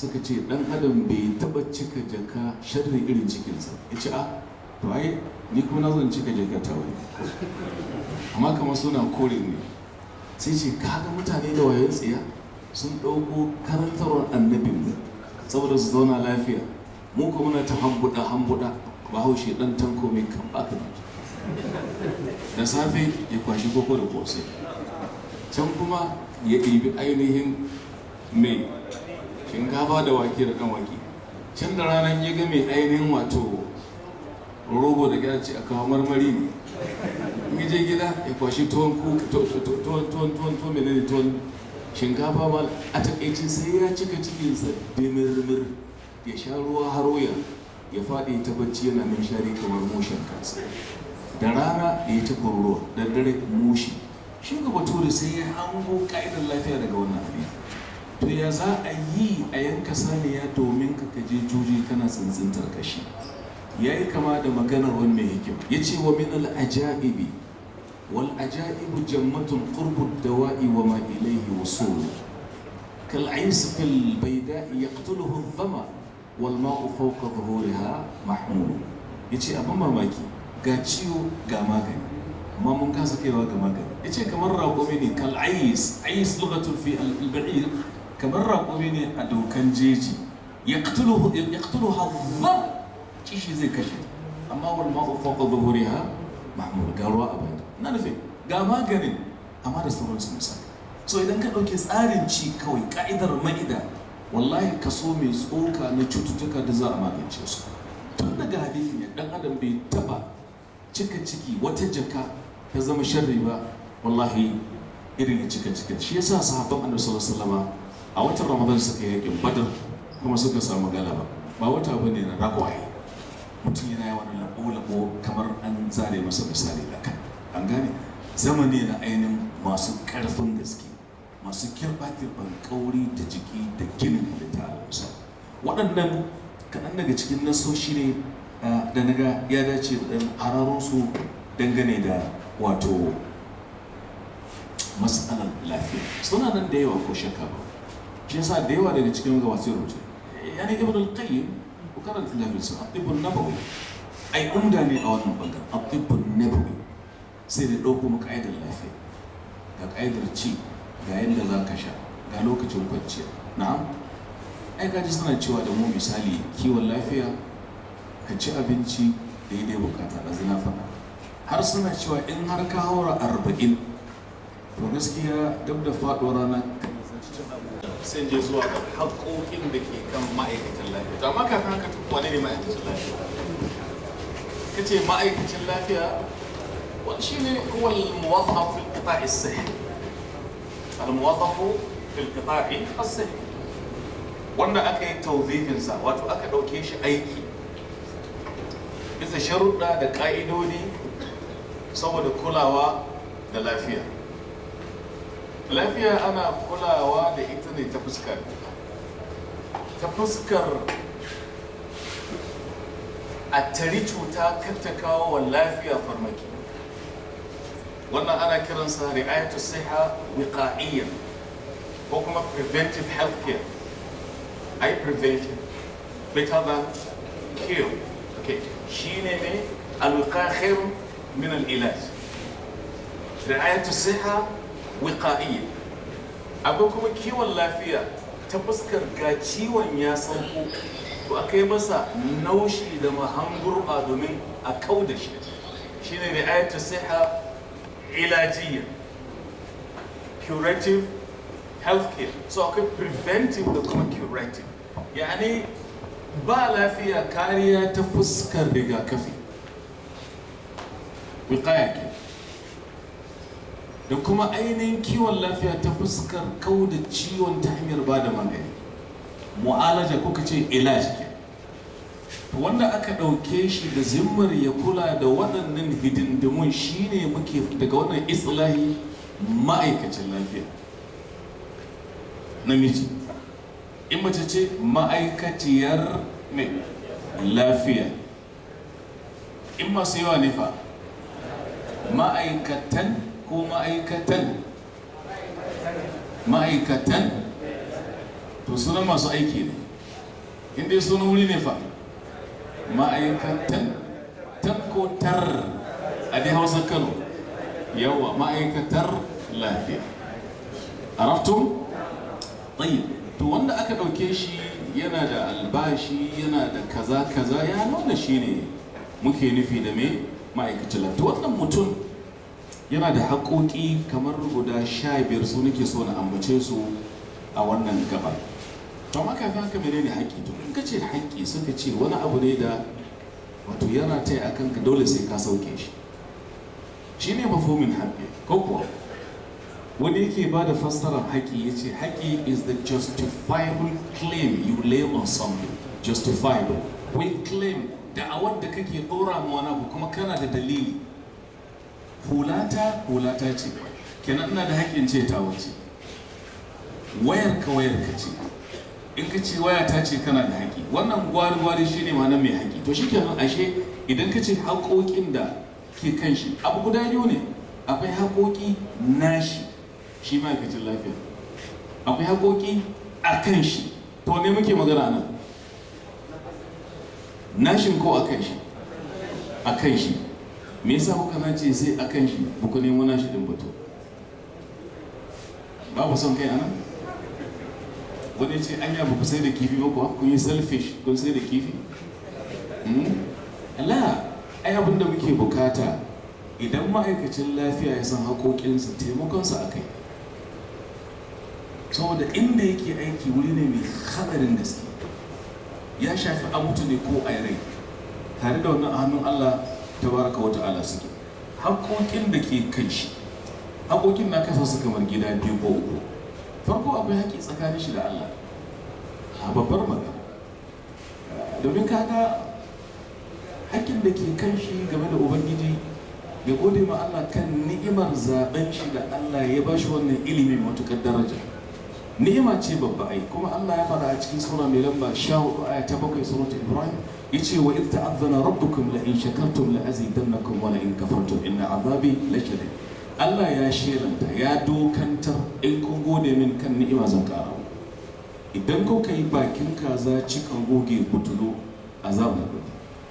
suka ce dan adam bai taba cika jaka sharri irin cikinsa ya ce a ah, to ai ni kuma na cika jaka ta wani amma kamar suna kore ne sai ce kaga mutane da wayan tsiya sun ɗauko karantarwar annabin mu saboda su zauna lafiya mu kuma muna ta hambuɗa hambuɗa bahaushe ɗan tanko mai kan baka da safe ya kwashi koko da kosai can kuma ya ɗibi ainihin mai shinkafa da wake da dan wake can da ranar ya ga mai ainihin wato robo da gina ce a kawo marmari ne in je gida ya kwashi tuwon tuwon tuwon tuwon ne tuwon shinkafa ba a takaicin sai ya cika cikinsa bimirmir ya sha ruwa har wuya ya faɗi ta bacci yana shari kamar mushen kansa da rana ya yi ta ruwa da dare mushi shi ga bature sai ya hango ka'idar lafiya daga wannan abin to ya za a yi a yanka saniya domin ka kaje juji kana tsintsintar kashi yayi kama da maganar wani mai hikima yace wa min al al'aja'ibi wal aja'ibu jammatun qurbud dawa'i wa ma ilayhi wusul kal ais fil bayda yaqtuluhu dhama wal ma'u fawqa dhuhuriha mahmul yace abin mamaki ga ciwo ga magani amma mun kasa kaiwa ga magani yace kamar raƙumi ne kal ais ais lughatu fi al-ba'ir kamar raƙumi ne a dokan jeji ya ƙatulu hazzar kishi zai kashe amma wal ma'u da wuri ha, ga ruwa a bayan na nufin ga maganin amma da sauran sun sa so idan ka ɗauke tsarin ci kawai ka'idar ma'ida wallahi kaso mai tsoka na cututtuka da za a magance su tun daga hadisi ne ɗan adam bai taba cika ciki wata jaka ta zama sharri ba wallahi irin ya cika cika shi yasa sahabban annabi sallallahu alaihi a watan ramadan suka yi yakin badar kuma suka samu galaba ba wata ba ne na ragwaye mutum yana yawan labo-labo kamar an zare masa misali kan an gane zamani na ainihin masu karfin gaske masu kirba-kirban kauri da jiki da ginin halitta a hausa waɗannan kaɗan daga cikin nasoshi ne da naga ya dace ɗan dangane da wato matsalar lafiya suna nan da yawa ko shakka ba shi yasa da yawa daga cikin gabatar rubuce yani ibn al-qayyim ku karanta lafiya at-tibbun nabawi ai umda ne a wannan bangaren at-tibbun nabawi sai da dauko maka aidar lafiya ga kaidar ci ga yadda za ka sha ga lokacin kwanciya na'am ai kaji suna cewa da mu misali kiwon lafiya ka ci abinci daidai bukata da zina faɗa har suna cewa in har ka haura arba'in to gaskiya dab da faɗo rana sun je zuwa ga haƙoƙin da ke kan ma'aikatan lafiya to amma kafin haka wane ne ma'aikacin lafiya ka ce ma'aikacin lafiya wani shi ne huwa al-muwazzaf fil qita'i as-sihhi al-muwazzaf fil qita'i as-sihhi wanda aka yi tawzifin sa wato aka dauke shi aiki bisa sharuɗa da ƙa'idodi saboda kulawa da lafiya lafiya ana kulawa da ita ne ta fuskar ta fuskar a tari cuta kar ta kawo wa lafiya farmaki wannan ana kiransa ri'ayatu siha wiqa'iyya ko kuma preventive health care ai prevention better than cure okay shine ne al-wiqa' min al-ilaj ri'ayatu siha wiƙa'iyya akwai kuma kiwon lafiya ta fuskar ga ciwon ya sauko to aka yi masa naushi da mahamburba domin a kau da shi shi ne ayatu siha ilajiyya curative healthcare so akwai preventive da kuma curative ya yani ba lafiya kariya ta fuskar rigakafi wiƙaya da kuma ainihin kiwon lafiya ta fuskar kau da ciwon ta hanyar ba da magani mu'alaja kuka ce ilaj wanda aka ɗauke shi da zimmar ya kula da waɗannan hidindimun shine muke daga wannan islahi ma'aikacin lafiya namiji in mace ce ma'aikaciyar mai lafiya in masu yawa ne ma'aikatan ko ma'aikatan ma'aikatan to sunan masu aiki ne inda suna wuri ne fa ma'aikatan tankotar a dai hausa kano yawa ma'aikatar lafiya arafto tsayi to wanda aka ɗauke shi yana da albashi yana da kaza kaza ya nuna shi ne muke nufi da me ma'aikacin lafiya wannan mutum yana da haƙoƙi kamar guda sha biyar su nake so na ambace su a wannan gaba to maka kafin haka menene haƙƙi to in ka ce haƙƙi suka ce wani abu ne da wato yana ta yi akan ka dole sai ka sauke shi shi ne mafomin haƙƙi ko kuwa wani yake ba da fassarar haƙƙi ya ce haƙƙi is the justifiable claim you lay on something justifiable will claim da a da kake ɗora ma wani kuma kana da dalili hulata hulata ce kenan ina da haƙƙin ce ta wace wayar ka wayar ka ce in ka ce waya ta ce kana da haƙƙi wannan gwari gwari shine ma mai haƙƙi to shi shikenan ashe idan ka ce haƙoƙin da ke kan shi abu guda biyu ne akwai haƙoƙi nashi shi ma'aikacin lafiya akwai haƙoƙi a kan shi to ne muke magana nan nashin ko a kan shi a kan shi me yasa kuka nace sai akan shi ne nemo shi din batu ku son kai nan wani ce an yaba ku sai da kifi ba kuwa kun yi selfish kun sai da kifi hmm? ala ai abin da muke bukata idan ma'aikacin lafiya ya san haƙoƙinsa taimakonsa a kai saboda inda yake aiki wuri ne mai haɗarin gaske ya shafi a ne ko a rai tare da wannan hannun Allah tabaraka wata ala suke haƙoƙin da ke kan shi haƙoƙin na kasa su kamar gida biyu ko uku farko akwai haƙi tsakanin shi da Allah a babbar magana domin kaga haƙin da ke kan shi game da ubangiji ya gode ma Allah kan ni'imar zaben shi da Allah ya ba shi wannan ilimin matuƙar daraja ni'ima ce babba ai kuma Allah ya faɗa a cikin sura mai lamba 14 aya ta 7 surat Ibrahim yace wa id ta'adhana rabbukum la in shakartum la azidannakum wa la in kafartum inna azabi lashadid Allah ya shelanta ya dokantar in kun gode min kan ni'ima zan kara idan ko kai bakin kaza cikan goge kutulo azabu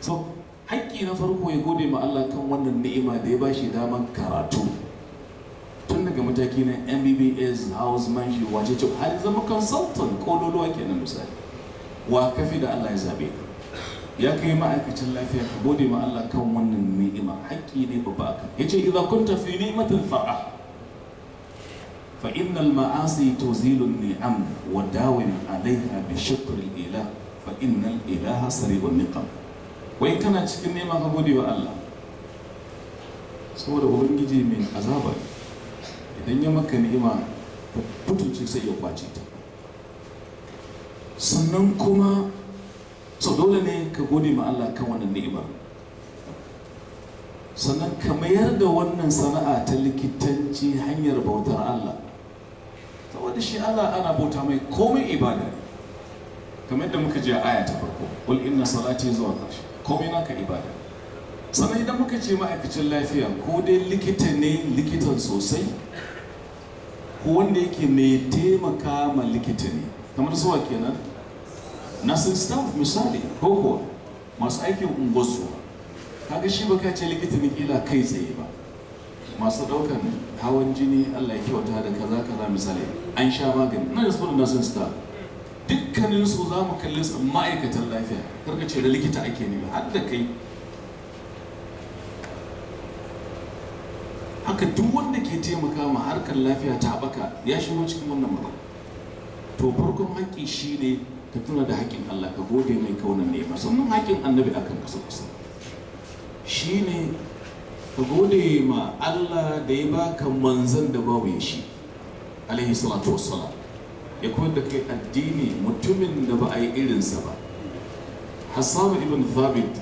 so haƙƙi na farko ya gode ma Allah kan wannan ni'ima da ya bashi daman karatu tun daga mataki na mbbs housemanship wace ce har zama consultant ko ke kenan misali wa kafi da allah ya zabe ya kai ma'aikacin lafiya ka gode ma Allah kan wannan ni'ima haƙƙi ne baka ya ce idza kun tafi ni'matin fa'a fa innal ma'asi tuzilu ni'am wa dawin 'alayha bi shukri ilah fa innal ilaha wa niqam wai kana cikin ni'ima ka gode wa Allah saboda ubangiji mai azaba ne idan ya maka ni'ima mutunci sai ya kwace ta sannan kuma sau dole ne ka gode ma Allah kan wannan ni'imar sannan ka mayar da wannan sana'a ta likitanci hanyar bautar Allah saboda shi Allah ana bauta mai komai ibada ne kamar yadda muka je a aya ta farko qul inna salati zuwa ƙarshe komai naka ibada sannan idan muka ce ma'aikacin lafiya ko dai likita ne likitan sosai ko wanda yake mai taimaka ma likita ne kamar zuwa kenan nursing staff misali ko kuwa masu aikin unguwarsu kaga shi baka ce likita ne kila kai tsaye ba masu daukan hawan jini Allah ya kyauta da kaza kaza misali an sha magani na da sunan nursing staff dukkanin su za mu kalli ma'aikatan lafiya karka ce da likita ake nema har da kai haka duk wanda ke taimaka ma harkar lafiya ta baka ya shigo cikin wannan magana to farkon haƙƙi shine ka tuna da haƙƙin Allah ka gode mai kaunan ne musamman haƙƙin annabi akan kasa Shi ne ka gode ma Allah da ya baka manzan da babu ya shi alaihi salatu wassalam ya koyar da kai addini mutumin da ba a yi irinsa ba hassan ibn thabit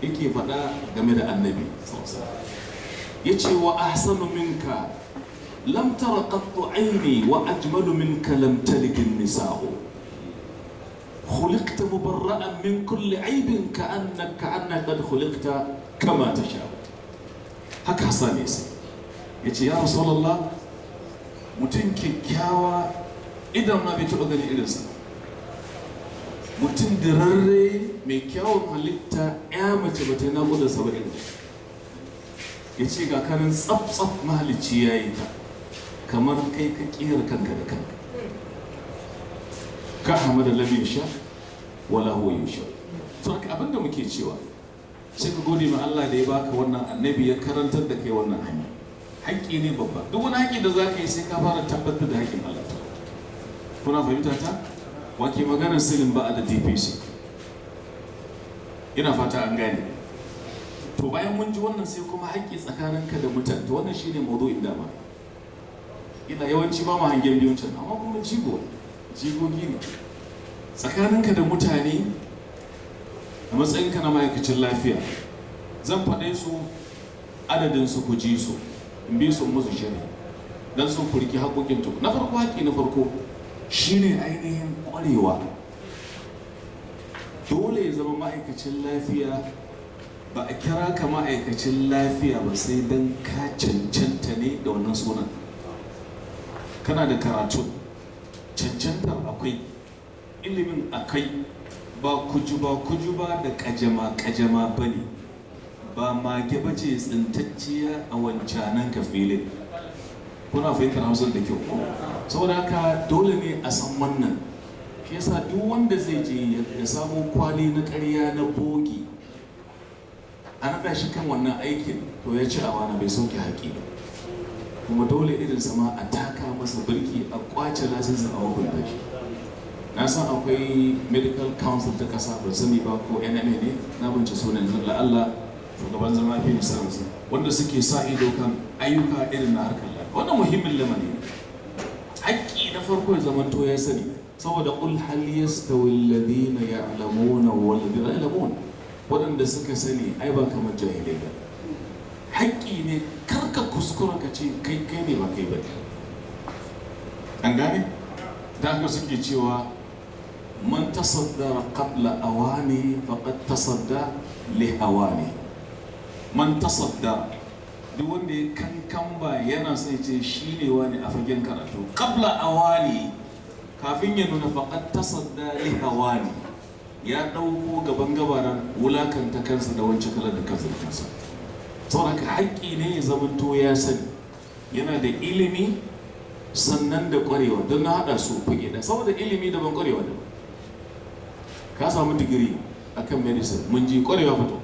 yake faɗa game da annabi sallallahu yace wa ahsanu minka lam tara qattu aini wa ajmalu minka lam talik nisa'u khuliqta mubarra'an aibin ka annaka anna qad khuliqta kama tasha haka hasani sai yace ya rasulullah mutun kikkiawa idan ma bi tuba gani irinsa mutun dirarre mai kyawun halitta ya mace ba ta yi naƙuda saba'in ya ce ga kanin tsaf-tsaf mahalicci ya yi ta kamar kai ka ƙiyar kanka da kanka ka da lam sha wala huwa yusha to abinda muke cewa sai ka gode ma Allah da ya baka wannan annabi ya karantar da kai wannan hanya haƙƙi ne babba duk wani haƙƙi da za ka yi sai ka fara tabbatar da haƙƙin Allah kuna fahimta ta wake maganar silin ba a da DPC ina fata an gane to bayan mun ji wannan sai kuma haƙƙi tsakaninka da mutan to wannan shine in dama ina yawanci ba mu hangen biyun can amma kuma jigo jigogi ne tsakaninka da mutane a matsayinka na ma'aikacin lafiya zan faɗe su adadin su ku ji su in bi su musu shari'a don sun kurki haƙoƙin to na farko haƙƙi na farko shine ainihin ƙwarewa dole ya zama ma'aikacin lafiya ba a kira ka ma'aikacin lafiya ba sai don ka cancanta ne da wannan sunan kana da karatu cancantar akwai ilimin akwai ba kujuba kujuba da kajama kajama ba ne ba mage ba ce tsintacciya a wancanan ka filin kuna fahimtar hausar da kyau saboda ka dole ne a san wannan shi yasa duk wanda zai je ya samo kwali na karya na bogi an shi kan wannan aikin to ya ci na bai sauke haƙi ba kuma dole irin sama a taka masa birki a kwace lasisin a hukunta shi na san akwai medical council ta kasa ba sani ba ko nma ne na bunce sunan la'alla shugaban zama fi musamman wanda suke sa ido kan ayyuka irin na harkar lafiya wannan muhimmin lamari ne haƙƙi na farko ya zama to ya sani saboda ƙul hal yastawi alladhina ya'lamuna wal ladhina ya'lamuna waɗanda suka sani ai ba kamar jahilai ba haƙƙi ne karka kuskura ka ce kai kai ne ba kai ba an gane da haka suke cewa man tasaddara qabla awani faqad tasadda li hawani man tasadda duk wanda ya kankan ba yana sai ce shi ne wani a fagen karatu qabla awani kafin ya nuna faqad tasadda li hawani ya ɗauko gaban gabaran wulakanta kansa da wancan kalar da kansa da kansa saboda haka haƙƙi ne ya zamanto ya sani yana da ilimi sannan da ƙwarewa don na haɗa su fage da saboda ilimi da ban ƙwarewa da ka samu digiri akan medicine mun ji ƙwarewa fito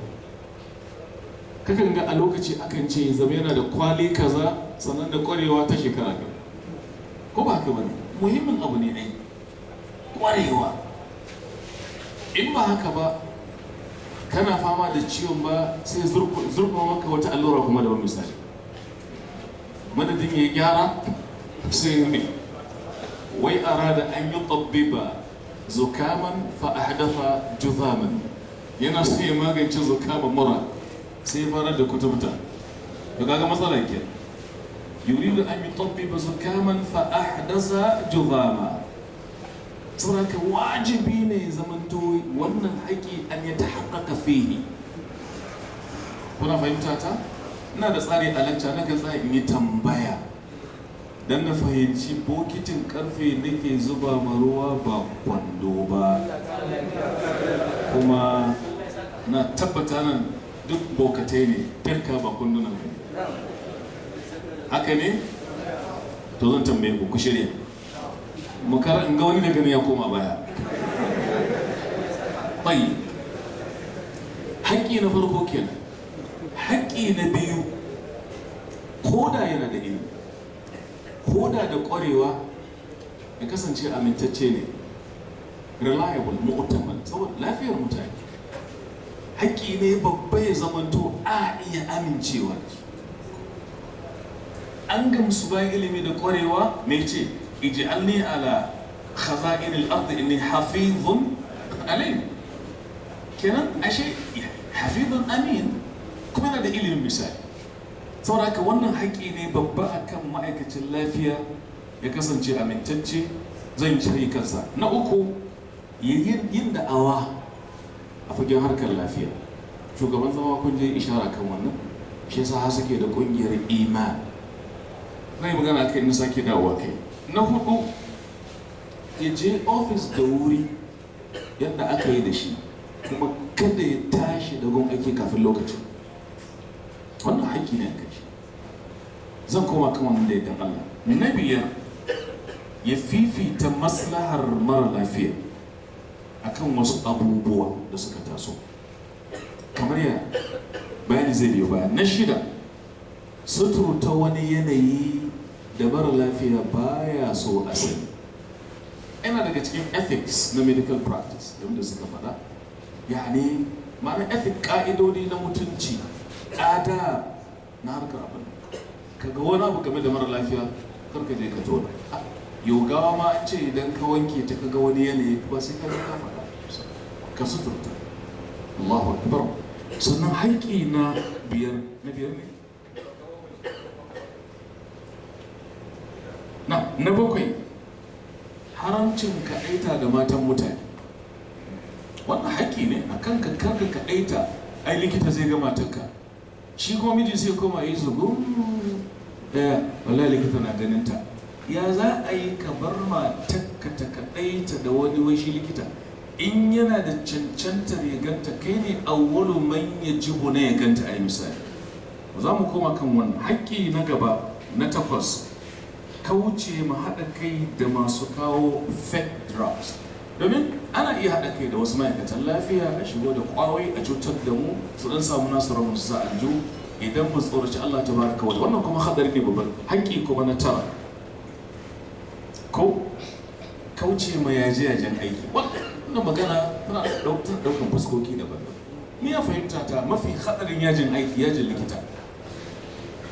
kakan ga a lokaci akan ce zama yana da kwali kaza sannan da ƙwarewa ta shekara ko ba haka bane muhimmin abu ne ai ƙwarewa in ba haka ba kana fama da ciwon ba sai zurfa maka wata allura kuma da wani misali madadin ya gyara sai ne wai arada an yi tabbiba zukaman fa ahdafa juzaman yana so ya magance zukaman mura sai fara da kutubta to kaga matsalar ke yuridu an yi yutabbiba zukaman fa ahdasa juzama saboda wajibi ne zamanto wannan haƙi an ya haƙaƙa fihi kuna fahimta ta ina da tsari a lacca na kan tsari in yi tambaya dan na fahimci bokitin karfe ke zuba ma ruwa ba kwando ba kuma na tabbata nan duk bokatai ne tanka ba kundunan haka ne to zan tambaye ku ku shirya makar in ga wani da gani ya koma baya bai haƙƙi na farko kenan haƙƙi na biyu koda yana da ilimi koda da ƙwarewa ya kasance amintacce ne reliable mu'tamal saboda lafiyar mutane haƙƙi ne babba ya zamanto a iya amincewa an gamsu ba ilimi da ƙwarewa mai ce ij'alni ala khaza'in al-ard inni hafizun alim kenan ashe hafizun amin kuma na da ilimin misali saboda haka wannan hakki ne babba akan ma'aikacin lafiya ya kasance a amintacce zan cire kansa na uku yin da'awa a fagen harkar lafiya shugaban zama kun je ishara kan wannan shi yasa har suke da ƙungiyar iman zai magana kai na sake a kai na hudu ya je ofis da wuri yadda aka yi da shi kuma kada ya tashi da gun aiki kafin lokaci, wannan haƙƙi ne a zan koma kan wani da Allah na biyar ya fifita maslahar mara lafiya akan wasu abubuwa da suka taso kamar ya bayani zai biyo baya na shida suturta wani yanayi da mara lafiya baya so a sani yana daga cikin ethics na medical practice da wanda suka ya ne ma'ana ethic ka'idodi na mutunci ƙada na harkar abin ga wani abu game da mara lafiya karka je ka tona gawa ma an ce idan ka wanke ta kaga wani yanayi ba sai ka ka fada ka suturta Allahu akbar sannan haƙi na biyar na biyar ne na na bakwai haramcin kaɗaita da matan mutane wannan haƙƙi ne a kan kanka kanka kaɗaita ai likita zai ga matarka shi kuma miji sai koma yi zugu ɗaya eh, wala likita na ganin ta ya za a yi ka bar matarka ta kaɗaita da wani wai likita in yana da cancantar ya ganta kai ne a wani manya yajibu na ya ganta yi misali za mu koma kan wannan haƙƙi na gaba na takwas kauce ma haɗa kai da masu kawo fake drugs domin ana iya haɗa kai da wasu ma'aikatan lafiya a shigo da kwawai a cutar da mu su ɗan samu nasu ramin su aljihu idan mu tsoraci Allah ta baraka wata wannan kuma haɗari ne babban haƙƙi kuma na tara ko kauce ma yaje yajen aiki wannan magana tana ɗaukar fuskoki daban ni ya fahimta ta mafi haɗarin yajin aiki yajin likita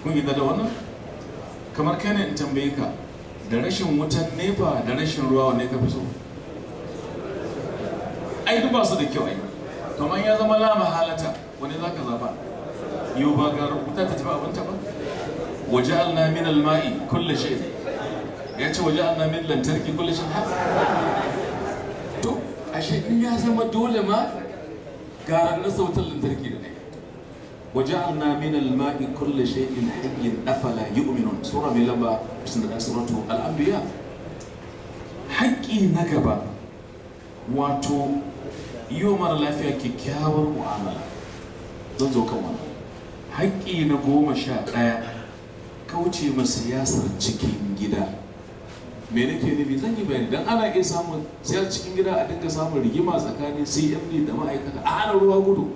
kun yi da wannan kamar kai ne in tambaye ka da rashin wutan nefa da rashin ruwa wanne ka fi so ai duk ba su da kyau ai kamar ya zama lama halata wani za ka zaba yau ba ga rubuta ta tafi abinta ba waje alna min alma'i kulle shi ya ce waje alna min lantarki kulle shi ha to ashe in ya zama dole ma garan na sautin lantarki da ne وجعلنا من الماء كل شيء حي افلا يؤمنون سورة ملبا سوره الانبياء حقي نقبا واتو يوم لا فيها كيكاور معاملة don zo kan wannan haƙƙi na goma sha ɗaya kauce ma siyasar cikin gida me nake nufi zan yi bayani don ana iya samun siyasar cikin gida a dinga samun rigima tsakanin cmd da ma'aikata a hana ruwa gudu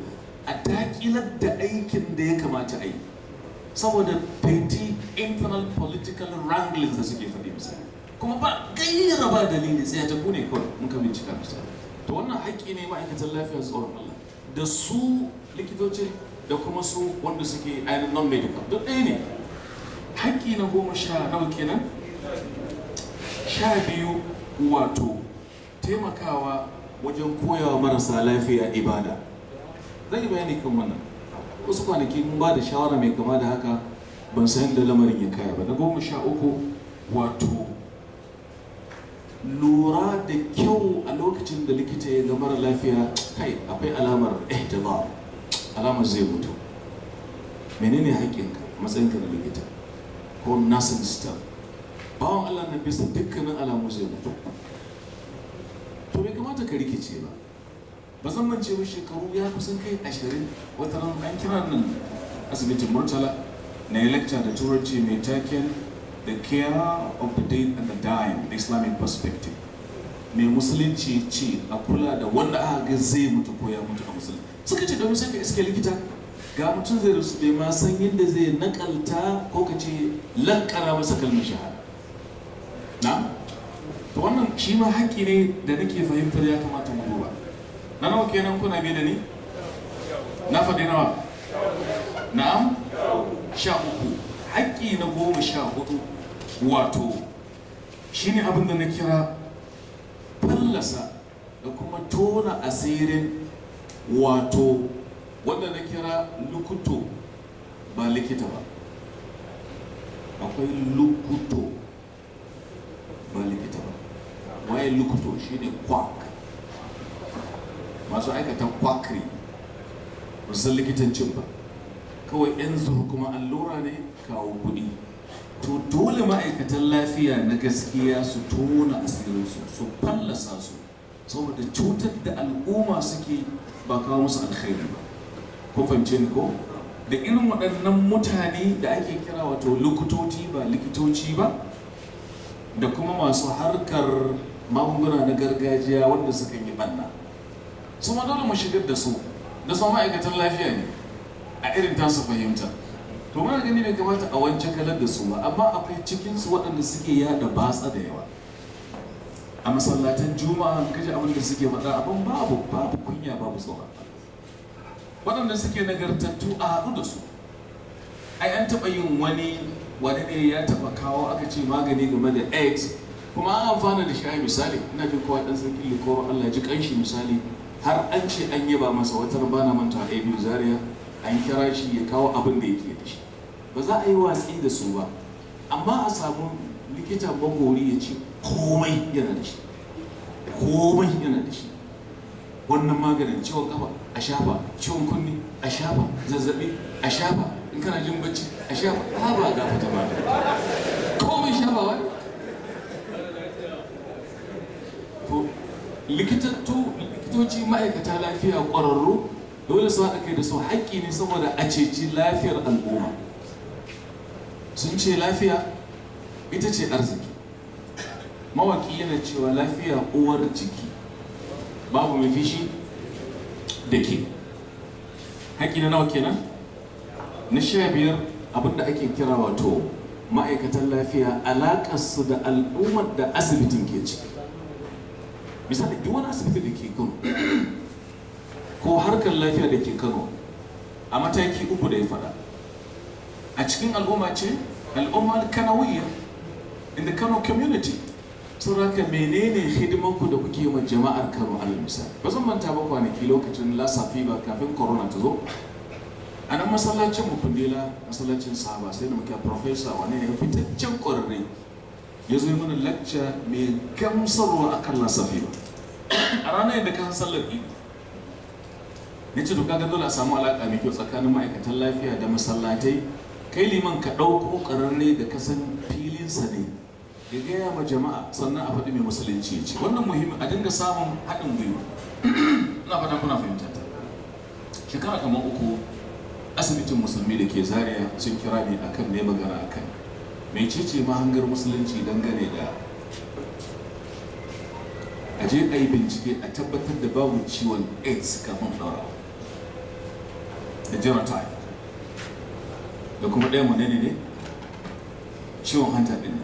a dakilar da aikin da ya kamata a yi saboda petty internal political wranglings da suke faɗi misali kuma ba gayyara ba dalili sai ta ne kawai mun ka bincika misali to wannan haƙƙi ne ma'aikatan lafiya tsoron Allah da su likitoci da kuma su wanda suke ainihin non medical duk ɗaya ne haƙƙi na goma sha nawa kenan sha biyu wato taimakawa wajen koyawa marasa lafiya ibada zai yi bayani kan wannan wasu kwanaki mun ba da shawara mai kama da haka ban san da lamarin ya kaya ba na goma sha uku wato lura da kyau a lokacin da likita ya ga mara lafiya kai akwai alamar eh da ba alamar zai mutu menene haƙƙinka matsayinka na likita ko nursing staff bawan Allah na bisa dukkanin alamu zai mutu to bai kamata ka rikice ba ba zan shekaru ya kusan kai ashirin wata ran an kira nan asibitin murtala na yi da turanci mai taken the care of the dead and the dying the islamic perspective mai musulunci ce a kula da wanda aka ga zai mutu ko ya mutu a musulunci suka ce domin sai ka iske likita ga mutum zai rusu bai ma san yadda zai nakalta ko ka ce lankara masa kalmar shahada na to wannan shi ma haƙƙi ne da nake fahimtar ya kamata mu na nawa kenan kuna bi da ni na faɗi nawa na'am sha uku haƙƙi na goma sha hudu wato shi ne abin da na kira fallasa da kuma tona asirin wato wanda na kira lukuto ba likita ba akwai lukuto ba likita ba waye lukuto shi ne kwa masu aikatan kwakiri ba san cin ba kawai yan zuru kuma allura ne kawo kuɗi to dole ma'aikatan lafiya na gaskiya su tona asirinsu su fallasa su saboda cutar da al'umma suke ba kawo musu alkhairi ba ko fahimce ni ko da irin waɗannan mutane da ake kira wato lokutoci ba likitoci ba da kuma masu harkar magunguna na gargajiya wanda suka yi banna su ma dole mu shigar da su da su ma'aikatan lafiya ne a irin tasu fahimta to muna gani ne kamata a wancan kalar da su ba amma akwai cikin su waɗanda suke yada batsa da yawa a masallatan juma'a kaji abin da suke faɗa abin babu babu kunya babu tsoron waɗanda suke nagartattu a haɗu da su ai an taɓa yin wani wani ne ya taɓa kawo aka ce magani game da aids kuma an amfana da shi a misali ina jin kowa ɗan sarki likoro allah ji ƙanshi misali har an ce an yi ba masa wata bana manta a biyu zariya an kira shi ya kawo abin da yake da shi ba za a yi watsi da su ba amma a samu likita bangori ya ce komai yana da shi komai yana da shi wannan maganin ciwon kafa a shafa ciwon kunni a shafa zazzabi a shafa in kana jin bacci a shafa ba ga fata ba komai shafawa wani likitoci ma'aikata lafiya ƙwararru dole su haɗa kai da su haƙƙi ne saboda a ceci lafiyar al'umma sun ce lafiya ita ce arziki mawaƙi yana cewa lafiya uwar jiki babu mai fishi da ke haƙƙi na nawa kenan na sha biyar abinda ake kira wato ma'aikatan lafiya alaƙarsu da al'ummar da asibitin ke ciki misali duk wani asibiti da ke kano ko harkar lafiya da ke kano a mataki uku da ya faɗa a cikin al'umma ce al'umma kanawiyya in the kano community sun raka menene hidimanku da kuke ma jama'ar kano alal ba zan manta ba kwanaki lokacin lasafi ba kafin korona ta zo a nan masallacin mukundila masallacin saba sai da muke professor wani ne fitaccen ƙwararre ya zo mana lacca mai gamsarwa a kan lasafi ba a ranar yadda ka san lafi ya ce to ga dole a samu alaƙa mai kyau tsakanin ma'aikatan lafiya da masallatai kai liman ka ɗauko ƙararre da kasan filinsa ne ya gaya ma jama'a sannan a faɗi mai musulunci ya ce wannan muhimmi a dinga samun haɗin gwiwa ina fata kuna fahimta ta shekara kamar uku asibitin musulmi da ke Zariya sun kira ni akan ne magana akan mecece mahangar musulunci dangane da a je a yi bincike a tabbatar da babu ciwon aids kafin ɗora da genotype da kuma ɗaya mu ne ne ciwon hanta ɗin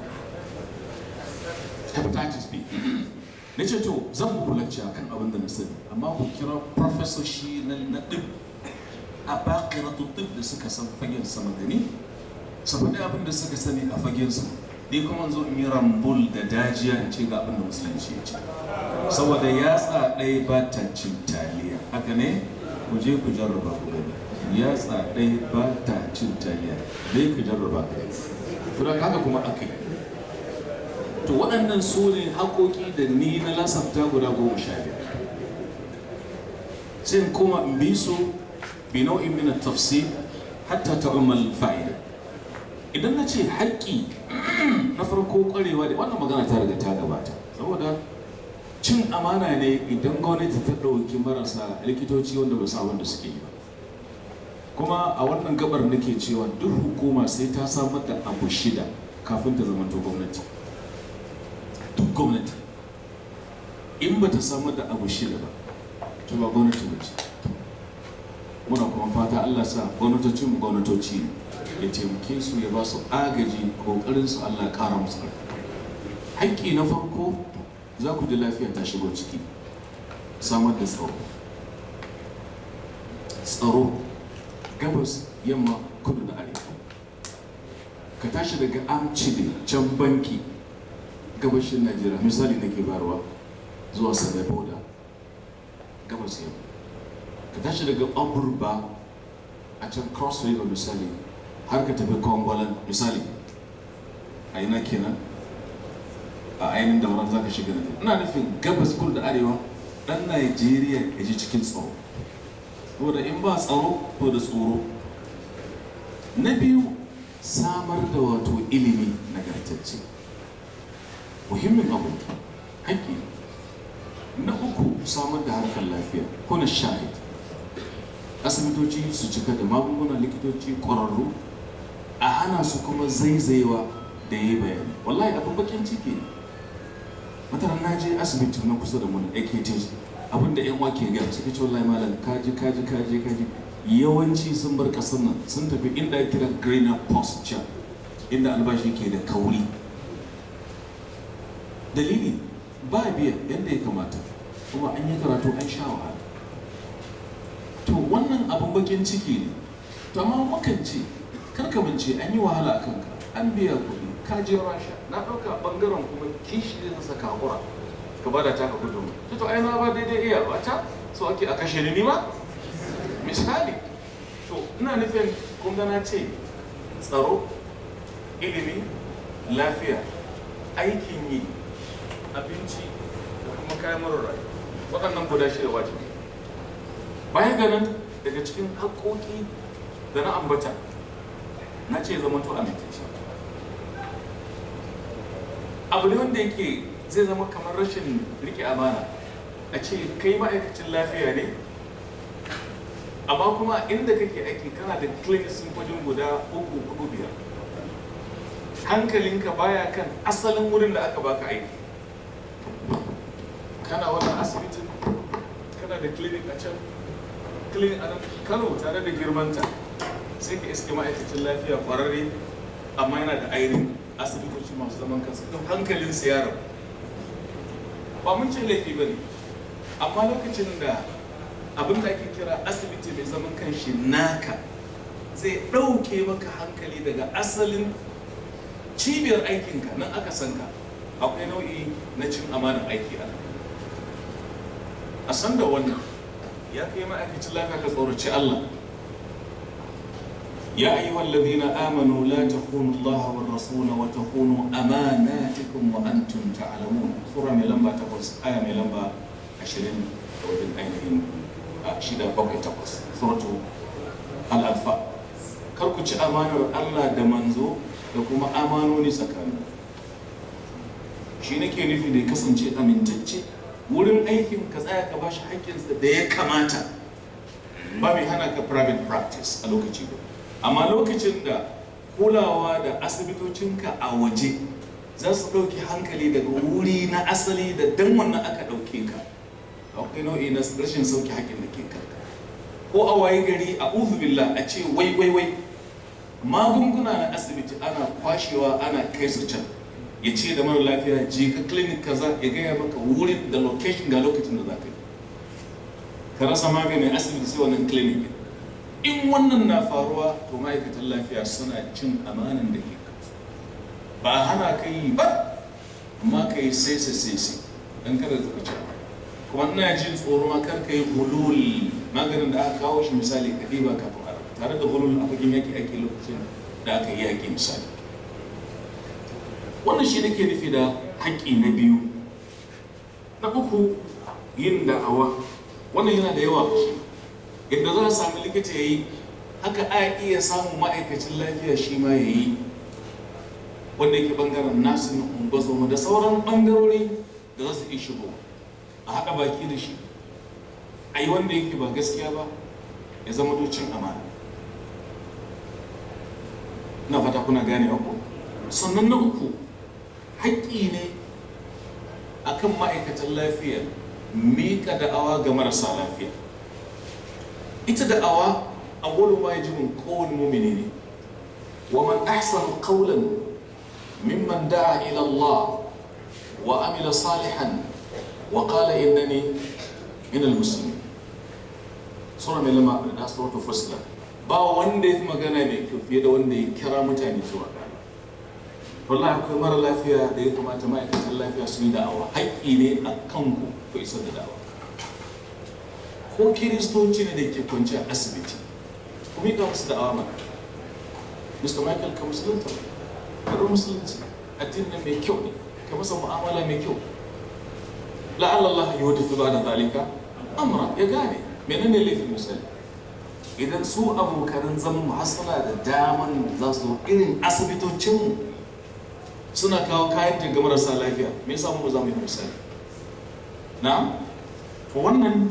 hepatitis b na ce to zan muku lakci a kan abin da na sani amma ku kira professor shi na ɗin a baƙi da suka san fagen sama saboda abin da suka sani a fagen su ni kuma zo in yi rambul da dajiya in ce ga abin da musulunci ya ce saboda yatsa ɗaya ba ta cin taliya haka ne ku je ku jarraba ku gani yatsa ɗaya ba ta cin taliya dai ku jarraba ku gani kuna haka kuma aka yi to waɗannan su ne haƙoƙi da ni na lasafta guda goma sha biyar sai kuma in bi su bi nau'in min tafsir hatta ta umar fa'ida idan na ce haƙƙi na farko ƙwarewa da wannan magana ta riga ta gabata saboda cin amana ne idan gwamnati ta ɗauki marasa likitoci wanda ba san da suke yi ba kuma a wannan gabar nake cewa duk hukuma sai ta samar da abu shida kafin ta to gwamnati duk gwamnati in ba ta samar da abu shida ba to ba gwamnati ba ce muna kuma fata allah sa mu gwamnatoci ne ya taimake su ya ba su agaji kokarin su Allah kara musu haƙƙi na farko za ku ji lafiya ta shigo ciki samar da tsaro tsaro gabas yamma kudu da arewa ka tashi daga amcide can banki gabashin najeriya misali nake barwa zuwa sadai boda gabas yamma ka tashi daga aburba a can cross river misali har ka tafi kwangwalan misali a ina kenan a ainihin da za ka shiga da ina nufin gabas kudu da arewa dan najeriya ya ji cikin tsaro da in ba tsaro ko da tsoro na biyu samar da wato ilimi nagartacce muhimmin abu haƙƙi na uku samar da harkar lafiya ko na shahid asibitoci su cika da magunguna likitoci ƙwararru a hana su kuma zaizayewa da ya yi bayani wallahi abin bakin ciki ne mataran na je asibiti na kusa da mu ake AKT abin da yan wake gaya suka ce wallahi malam kaji kaji kaji kaji yawanci sun bar kasar nan sun tafi inda ake kira greener posture inda albashi ke da kauri dalili ba biya yadda ya kamata kuma an yi karatu an sha wahala to wannan abin bakin ciki ne to amma mukan ce kar ka ce an yi wahala a kanka an biya kuɗi ka je rasha na ɗauka ɓangaren kuma kishi zai sa kakura ka bada ta ka gudunmu ta to ai ba daidai iya ba ta so ake a kashe ni ma misali to ina nufin kun na ce tsaro ilimi lafiya aikin yi abinci da kuma kayan marar waɗannan guda shi da wajibi bayan ganin daga cikin haƙoƙi da na ambata na ce zama to amintacce abu ne wanda yake zai zama kamar rashin rike amana a ce kai ma'aikacin lafiya ne amma kuma inda kake aiki kana da clinics kwajin guda uku hudu biyar hankalinka baya kan asalin wurin da aka baka aiki kana wannan asibitin kana da clinic a can clinic a nan kano tare da girmanta sai ka iske ma'aikacin lafiya kwararre amma yana da ainihin asibitoci masu zaman kansu don hankalin siyarar ba mun ce laifi ba ne amma lokacin da abin da ake kira asibiti mai zaman kanshi naka zai ɗauke maka hankali daga asalin cibiyar aikinka nan aka san ka akwai nau'i na cin amanar aiki a a san da wannan ya kai ma'aikacin lafiya ka tsoraci Allah يا أيها الذين آمنوا لا تخونوا الله والرسول وتخونوا أماناتكم وأنتم تعلمون سورة ملمبا تقص آية ملمبا عشرين وبين أينهم شدة بوكي تقص سورة الأنفال كركو أمانة الله دمنزو لكم أمانوني سكان shi nake nufi da ya kasance amintacce wurin aikin ka tsaya ka bashi haƙƙinsa da ya kamata ba mai hana ka private practice a lokaci ba amma lokacin da kulawa da asibitocinka a waje za su ɗauki hankali daga wuri na asali da dan wannan aka ɗauke ka akwai nau'i na rashin sauki hakin da ke karka ko a waye gari a billah a ce wai wai wai magunguna na asibiti ana kwashewa ana kai su can ya ce da mara lafiya je ka clinic kaza ya gaya maka wurin da ga lokacin da za ka yi ka rasa maganin asibiti sai wannan clinic in wannan na faruwa to ma'aikatan lafiya suna cin amanin da ke ba hana ka yi ba amma ka yi sai sai sai kada ta kuce kuma ina jin tsoro ma kar ka yi hulul maganin da aka kawo shi misali ka ba kafin a tare da hulul a fagen yaki ake lokacin da aka yi yaki misali wannan shi nake nufi da haƙƙi na biyu na uku yin da'awa wannan yana da yawa shi yadda za a sami likita ya yi haka a iya samun ma'aikacin lafiya shi ma ya yi wanda yake bangaren nasu na ungozoma da sauran bangarori da za su iya shigo a haɗa baki da shi a yi wanda yake ba gaskiya ba ya zama docin amana na fata kuna gane ku sannan na uku haƙƙi ne akan ma'aikatan lafiya miƙa da'awa ga marasa lafiya ita da'awa a wani wajibin kowane mumini ne wa man ahsan qawlan mimman da'a ila Allah wa amila salihan wa qala innani min al-muslimin sura mai lama da suratul fusla ba wanda ya fi magana mai kyau fiye da wanda ya kira mutane zuwa wallahi akwai mara lafiya da ya kamata ma'aikatan lafiya su yi da'awa haƙƙi ne a kanku ku isar da da'awa ko kiristoci ne da ke kwanci a asibiti kuma ga musu da'awa mana mr michael ka musulunta karu musulunci addini ne mai kyau ne ka masa mu'amala mai kyau la'alla Allah ya wata tuba da zalika amma ya gane menene laifin misali idan su abokanan zaman muhassala da daman za su irin asibitocinmu suna kawo kayan ga marasa lafiya me yasa mu za mu yi misali na wannan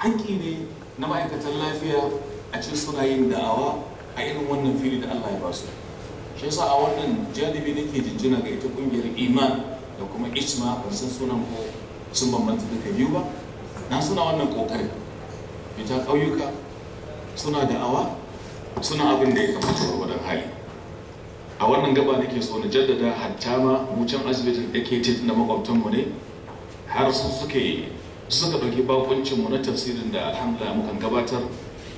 haƙƙi ne na ma'aikatan lafiya a ce suna yin da'awa a irin wannan fili da Allah ya ba su shi yasa a wannan janibi nake jinjina ga ita ƙungiyar iman da kuma isma ban san sunan ko sun bambanta duka biyu ba na suna wannan ƙoƙarin fita ƙauyuka suna da'awa suna abin da ya kamata gwargwadon hali a wannan gaba nake so na jaddada hatta ma mu can asibitin da ke titin da makwabtanmu ne har su suke suka ɗauki bakuncinmu na tafsirin da alhamdulillah mukan gabatar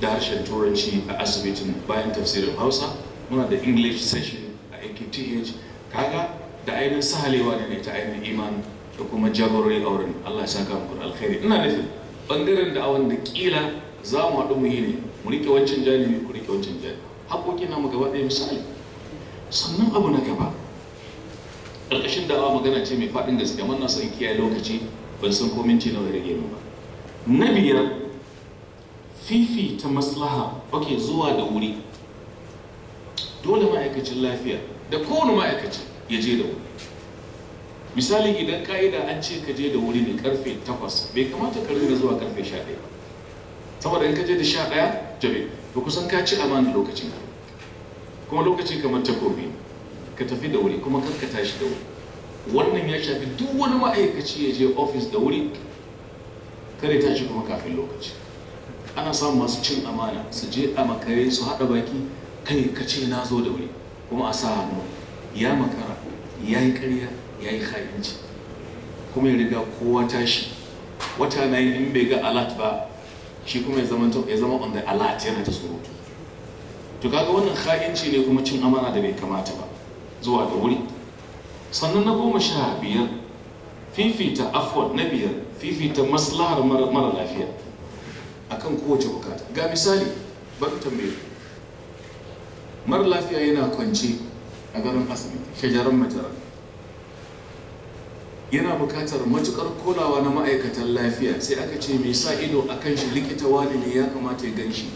da harshen turanci a asibitin bayan tafsirin hausa muna da english session a akth kaga da ainihin sahalewa ne ta ainihin iman da kuma jagorori auren allah ya saka muku alkhairi ina nufin bangaren da awon da kila za mu haɗu mu yi ne mu riƙe wancan janibi ku riƙe wancan janibi haƙoƙi na mu gaba ɗaya misali sannan abu na gaba ƙarƙashin awa magana ce mai faɗin gaske wannan na kiyaye lokaci ban san komin minti nawa ya rage ba na biyar fifita maslaha ok zuwa da wuri dole ma'aikacin lafiya da kowane ma'aikacin ya je da wuri misali idan ka'ida an ce ka je da wuri ne karfe 8 bai kamata ka rinka zuwa karfe 11 ba saboda in ka je da 11 jabe ba kusan ka ci amana lokacin ka kuma lokaci kamar takobi ka tafi da wuri kuma kar ka tashi da wuri wannan ya shafi duk wani ma'aikaci ya je ofis da wuri kare ta shi kuma kafin lokaci ana samun masu cin amana su je a makare su haɗa baki kai ka ce na zo da wuri kuma a sa hannu ya makara ya yi ƙarya ya yi hayanci kuma ya riga kowa tashi wata na yi in bai ga alat ba shi kuma ya zama ya zama on the alert yana ta surutu to kaga wannan ha'inci ne kuma cin amana da bai kamata ba zuwa da wuri sannan na goma sha biyar fifita afuwar na biyar fifita maslahar mara lafiya a kan kowace bukata ga misali ban tambaye mara lafiya yana kwance a garin asibiti shajarar majalar yana bukatar matukar kulawa na ma'aikatan lafiya sai aka ce mai sa ido a kan shi likita wani ne ya kamata ya gan shi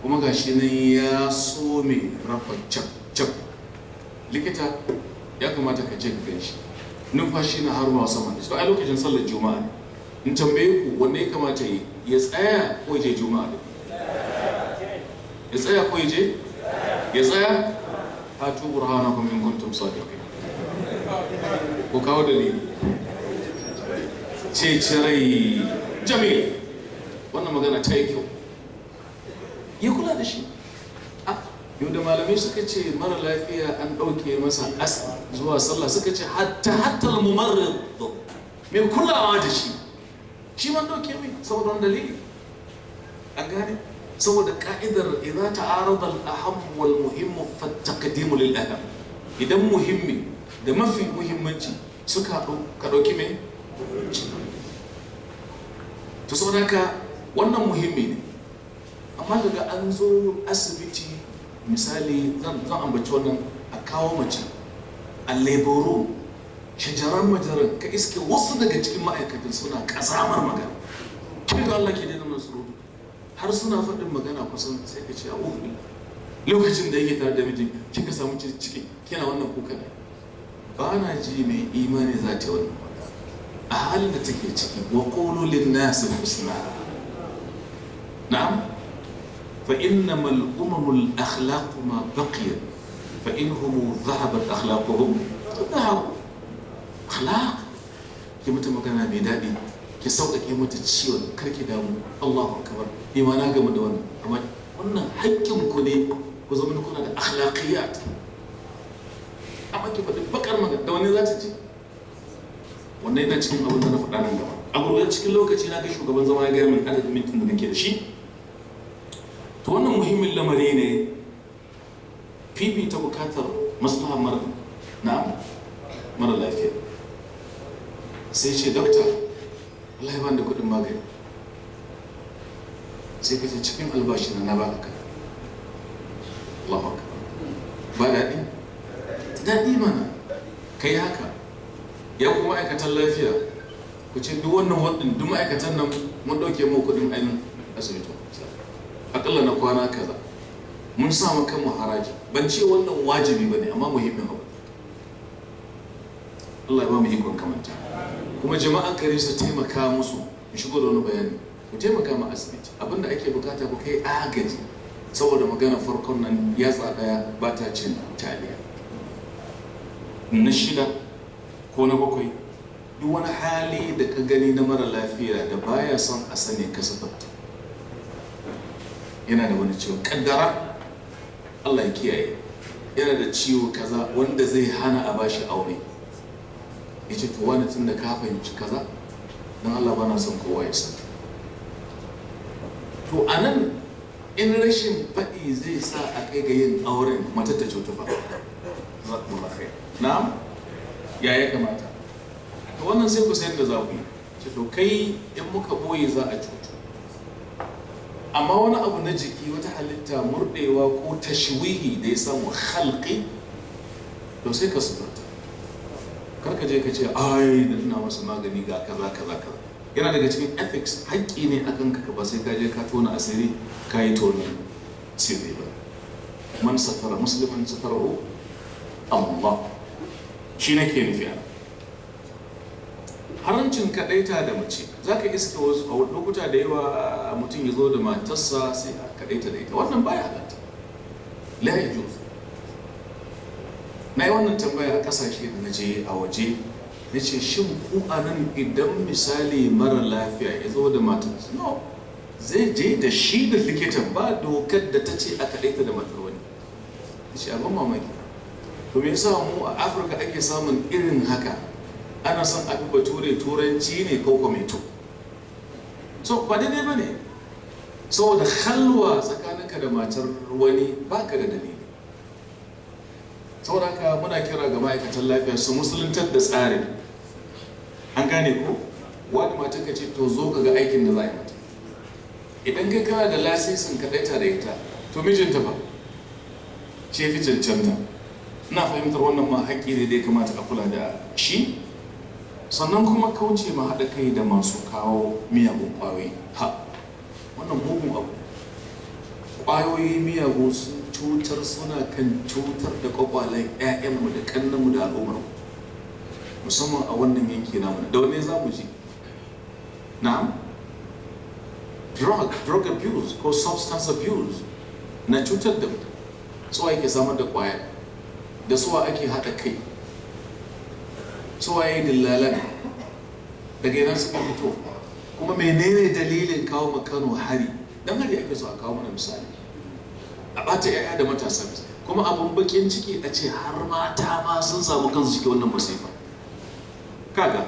kuma ga shi nan ya so mai rafa cap cap likita ya kamata ka je ka gan shi numfashi na har ma saman da su a lokacin sallar juma'a ne in tambaye ku wanne ya kamata yi ya tsaya ko je juma'a da ya tsaya ko je ya tsaya hatu kuma in kuntum sadiqin ku kawo dalili ce cirai jami'a wannan magana ta yi kyau ya kula da shi yau da malamai suka ce mara lafiya an ɗauke masa as zuwa sallah suka ce hatta hatta mumarrid mai kulawa da shi shi man ɗauke mai saboda wani dalili an gane saboda ka'idar idan ta'arada al-aham wal muhim fa taqdimu lil aham idan muhimmi da mafi muhimmanci suka haɗu ka ɗauki mai to saboda haka wannan muhimmi ne amma daga an zo asibiti misali zan ambaci wannan a kawo mace a leboro shajarar majalar ka iske wasu daga cikin ma'aikatan suna kazamar magana kai da Allah ke da nan su har suna faɗin magana kusan sai ka ce a ubi lokacin da yake tare da miji kika samu ciki kina wannan kuka ne ba na ji mai imani za ta wannan a halin da take ciki wa qulu lin husna na'am فإنما الأمم الأخلاق ما بقيت فإنهم ذهبت أخلاقهم ذهبوا أخلاق ki mutu magana mai daɗi ki sauƙaƙe mata ciwon karki damu Allahu akbar ni ma na gamu da wannan amma wannan haƙƙin ku ne ku zama kuna da akhlaqiyat amma ki faɗi bakar magana da wani za ta ji wannan yana cikin abin da na faɗa nan gaba a gurgurdan cikin lokaci na ga shugaban zama ya gaya min adadin mintin da nake da shi to wannan muhimmin lamari ne fifita bukatar maslaha na mara lafiya sai ce dokta wallahi ban da kudin magani sai ka cikin albashi na ba ka Allahu ba daɗi daɗi mana kai haka ya kuma ma'aikatan lafiya ku ce duk wannan waɗin duk ma'aikatan nan mun ɗauke mu kuɗin ainihin asibito. akalla na kwana kaza mun sa maka mu haraji ban ce wannan wajibi bane amma muhimmin abu Allah ya ba mu ikon kamanta kuma jama'an kare su taimaka musu mu shigo da wani bayani ku taimaka ma asibiti abinda ake bukata ku kai agaji saboda magana farkon nan yatsa daya ba ta cin taliya na shida ko na bakwai duk wani hali da ka gani na mara lafiya da baya son a sani ka yana da wani ciwo kaddara Allah ya kiyaye yana da ciwo kaza wanda zai hana a bashi aure ya ce to wani tun da ka fahimci kaza don Allah bana son kowa ya san to a nan in rashin faɗi zai sa a kai ga yin auren matar ta cutu ba za ku lafiya na'am ya ya kamata to wannan sai ku sayar da za ku yi to kai in muka boye za a cutu amma wani abu na jiki wata halitta murɗewa ko tashwihi da ya samu halƙi to sai ka suturta karka je ka ce ai da ina masa magani ga kaza kaza kaza yana daga cikin ethics haƙƙi ne a kanka ka ba sai ka je ka tona asiri ka yi tona sirri ba man safara safara o amma shi nake nufi ana haramcin kadaita da mace za ka iske wasu a lokuta da yawa mutum ya zo da matarsa sai a kadaita da ita wannan baya halatta la ya na yi wannan tambaya a kasashe da na je a waje na ce shin ku a nan idan misali mara lafiya ya zo da matarsa no zai je da shi da likitan ba dokar da ta ce a kadaita da matar wani ce abin mamaki to me yasa mu a afirka ake samun irin haka ana son abin bature turanci ne ko kwamito so ba daidai ba ne saboda halwa tsakaninka da matar wani baka da dalili saboda muna kira ga ma'aikatan lafiya su musuluntar da tsari. an gane ko wani matar ka ce to zo ka ga aikin da za a yi mata idan kai kana da lasisin kaɗaita da ita to mijinta ba ce fi cancanta na fahimtar wannan ma haƙƙi ne da ya kamata a kula da shi sannan kuma kauce ma haɗa kai da masu kawo miyagun ƙwayoyi ha wannan mugun abu ƙwayoyi miyagun sun cutar suna kan cutar da ƙwaƙwalen 'ya'yanmu da ƙannanmu da al'ummarmu musamman a wannan yanki namu da wani za mu ji na drug drug abuse ko substance abuse na cutar da mu suwa yake samar da ƙwayar. da suwa ake haɗa kai su waye dillalan daga yana suka fito kuma menene dalilin kawo ma kano hari dan hari ake so a kawo mana misali a bata yaya da matasa kuma abun bakin ciki a ce har mata ma sun samu kansu cikin wannan masifa kaga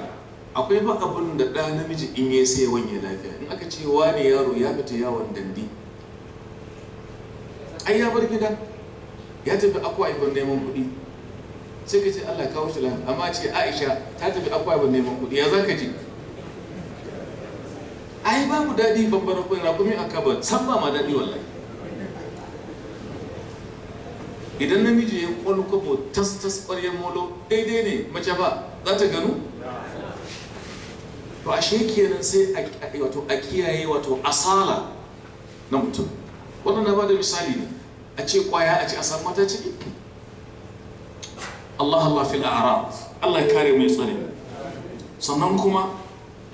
akwai ba abun da ɗa namiji in ya sai wanye lafiya in aka ce wani yaro ya fita yawon dandi ai ya bar gida ya tafi akwai neman kuɗi sai ka ce Allah kawo shi lafiya amma ce Aisha ta tafi akwai neman kuɗi ya zaka ji ai ba mu daɗi babbar na rakumi a kabar san ba ma daɗi wallahi idan namiji ya kwalkwabo tas tas ƙwaryar molo daidai ne mace ba za ta gano to ashe kenan sai a kiyaye wato asala na mutum wannan na ba da misali ne a ce kwaya a ce a samu mata ciki Allah Allah fil a'rad Allah ya kare mai tsare sannan kuma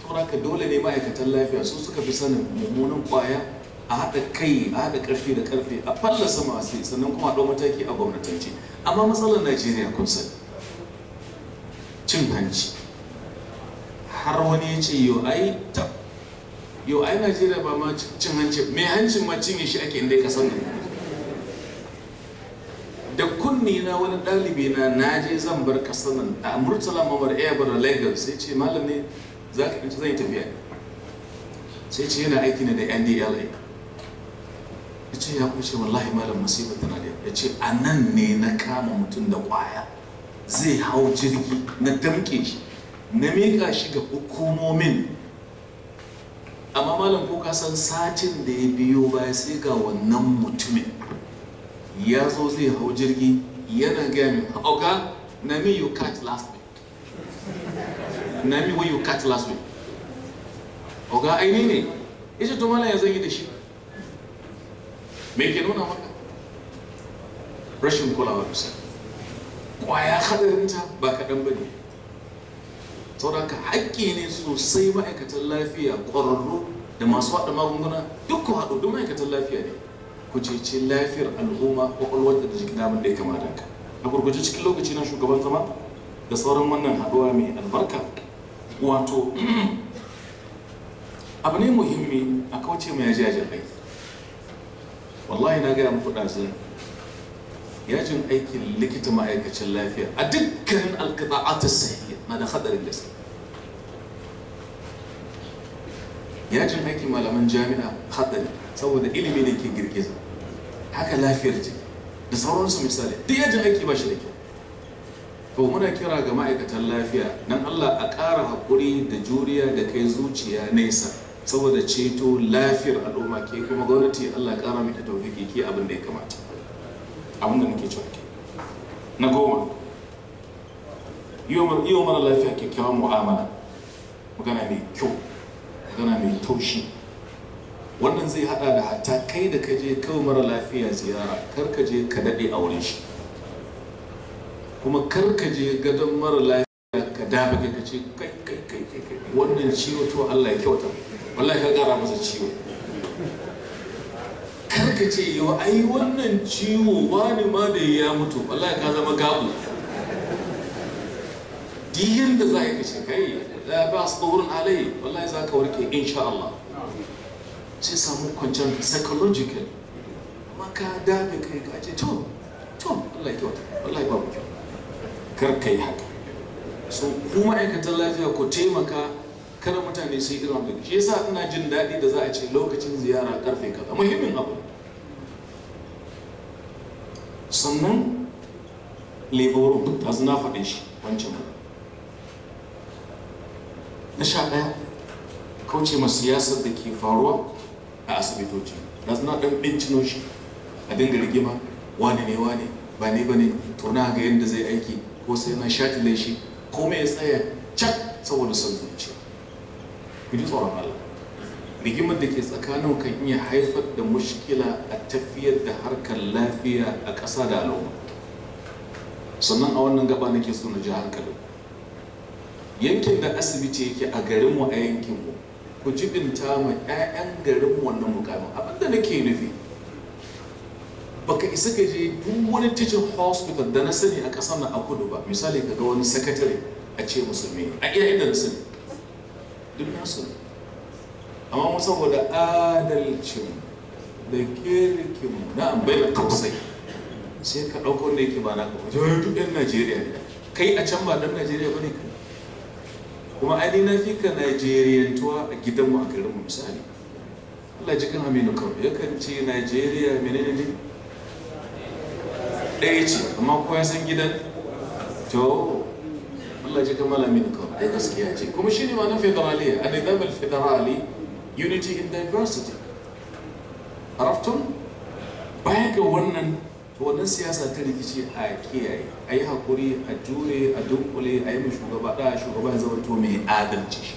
saboda ka dole ne ma'aikatan lafiya su suka fi sanin mummunan kwaya a haɗa kai a haɗa ƙarfi da ƙarfi a fallasa masu sannan kuma a ɗau mataki a gwamnatance amma matsalar Najeriya kun sani cin hanci har wani ya ce yo ai ta yo ai Najeriya ba ma cin hanci mai hancin ma cinye shi ake inda ya kasan nan da kunni na wani ɗalibi na na je zan bar ƙasar nan a murtala mamar airbar lagos sai ce malam ne za ka ɗanci zai tafiya sai ce yana aiki ne da ndla ya ce ya kushe wallahi malam masifa tana da ya ce a nan ne na kama mutum da kwaya zai hau jirgi na damƙe shi na mika shi ga hukumomin amma malam ko ka san satin da ya biyo baya sai ga wannan mutumin ya zo zai hau jirgi yana gaya min oga na me you catch last week na me when you catch last week oga aini ne ya ce to mala ya zan yi da shi me ke nuna maka rashin kulawa bisa kwaya hadarinta ba kaɗan ba ne ka haƙƙi ne sosai ma'aikatan lafiya ƙwararru da masu haɗa magunguna duk ku haɗu duk ma'aikatan lafiya ne ku ceci lafiyar al'umma kwakwalwar da jikin damar da ya kamata ka a gurguje cikin lokaci na shugaban zama da sauran wannan haɗuwa mai albarka wato abu ne muhimmi a kauce mai yaji yajin wallahi na gaya muku ɗazin yajin aikin likita ma'aikacin lafiya a dukkanin alkaɗa'atar sahiya na da haɗarin gaske yajin aikin malaman jami'a haɗari saboda ilimi ne ke girgiza haka lafiyar jiki da sauransu misali duk yajin aiki ba shi da kyau to muna kira ga ma'aikatan lafiya nan Allah a ƙara haƙuri da juriya da kai zuciya nesa saboda ceto lafiyar al'umma ke kuma gwamnati Allah ƙara mata ta ke abin da ya kamata abin da muke cewa ke na goma yi wa mara lafiya kyakkyawan mu'amala magana mai kyau magana mai taushi wannan zai hada da hatta kai da ka je kawai mara lafiya ziyara kar ka je ka daɗe a wurin shi kuma kar ka je gadon mara lafiya ka dafa kai ka ce kai kai kai kai wannan ciwo to Allah ya kyauta wallahi ka gara masa ciwo kar ka ce yau ai wannan ciwo wani ma da ya mutu wallahi ka zama gabu diyan da za ka ce kai da ya ba su wurin alai wallahi za ka warke insha Allah sai samu kwanciyar psychological amma ka dame kai ka ce to to Allah ya kyauta wallahi babu kyau kar ka yi haka so ku ma'aikatan lafiya ku taimaka kada mutane su yi irin da shi yasa ina jin daɗi da za a ce lokacin ziyara karfe kaza muhimmin abu sannan labor duk ta na faɗin shi wancan na sha ɗaya kauce ma siyasar da ke faruwa a asibitoci na suna ɗan bincino shi a dinga rigima wane ne wane ba ne ba ne tona ga yadda zai aiki ko sai na shatilan shi ko mai tsaya can saboda son zuci ku ji tsoron Allah rigimar da ke tsakanin kan iya haifar da mushkila a tafiyar da harkar lafiya a ƙasa da al'umma sannan a wannan gaba nake so na ji hankalin yankin da asibiti yake a garinmu a yankinmu ku jibinta ma 'ya'yan garinmu wannan mukamin abinda nake nufi baka isa ka je duk wani teaching hospital da na sani a ƙasar nan a kudu ba misali ka ga wani sakatare a ce musulmi a iya inda na sani duk na sani amma mu saboda adalcin da kirkin na ambaila tausayi sai ka ɗauko wanda yake ba na ka wajen duk 'yan najeriya kai a can ba dan najeriya ba ne ka kuma ani na fi ka tuwa a gidanmu a garin mu misali Allah ji kan Aminu ya kan ce Nigeria menene ne dai ce amma ko ya san gidan to Allah ji kan Aminu kawai ai gaskiya ce kuma shine ma na federaliya an nizam al-federali unity in diversity عرفتم؟ bayan ga wannan to wannan siyasa ta rikici a kiyaye a yi hakuri a jure a dunkule a yi shugaba da shugaba zama to mai adalci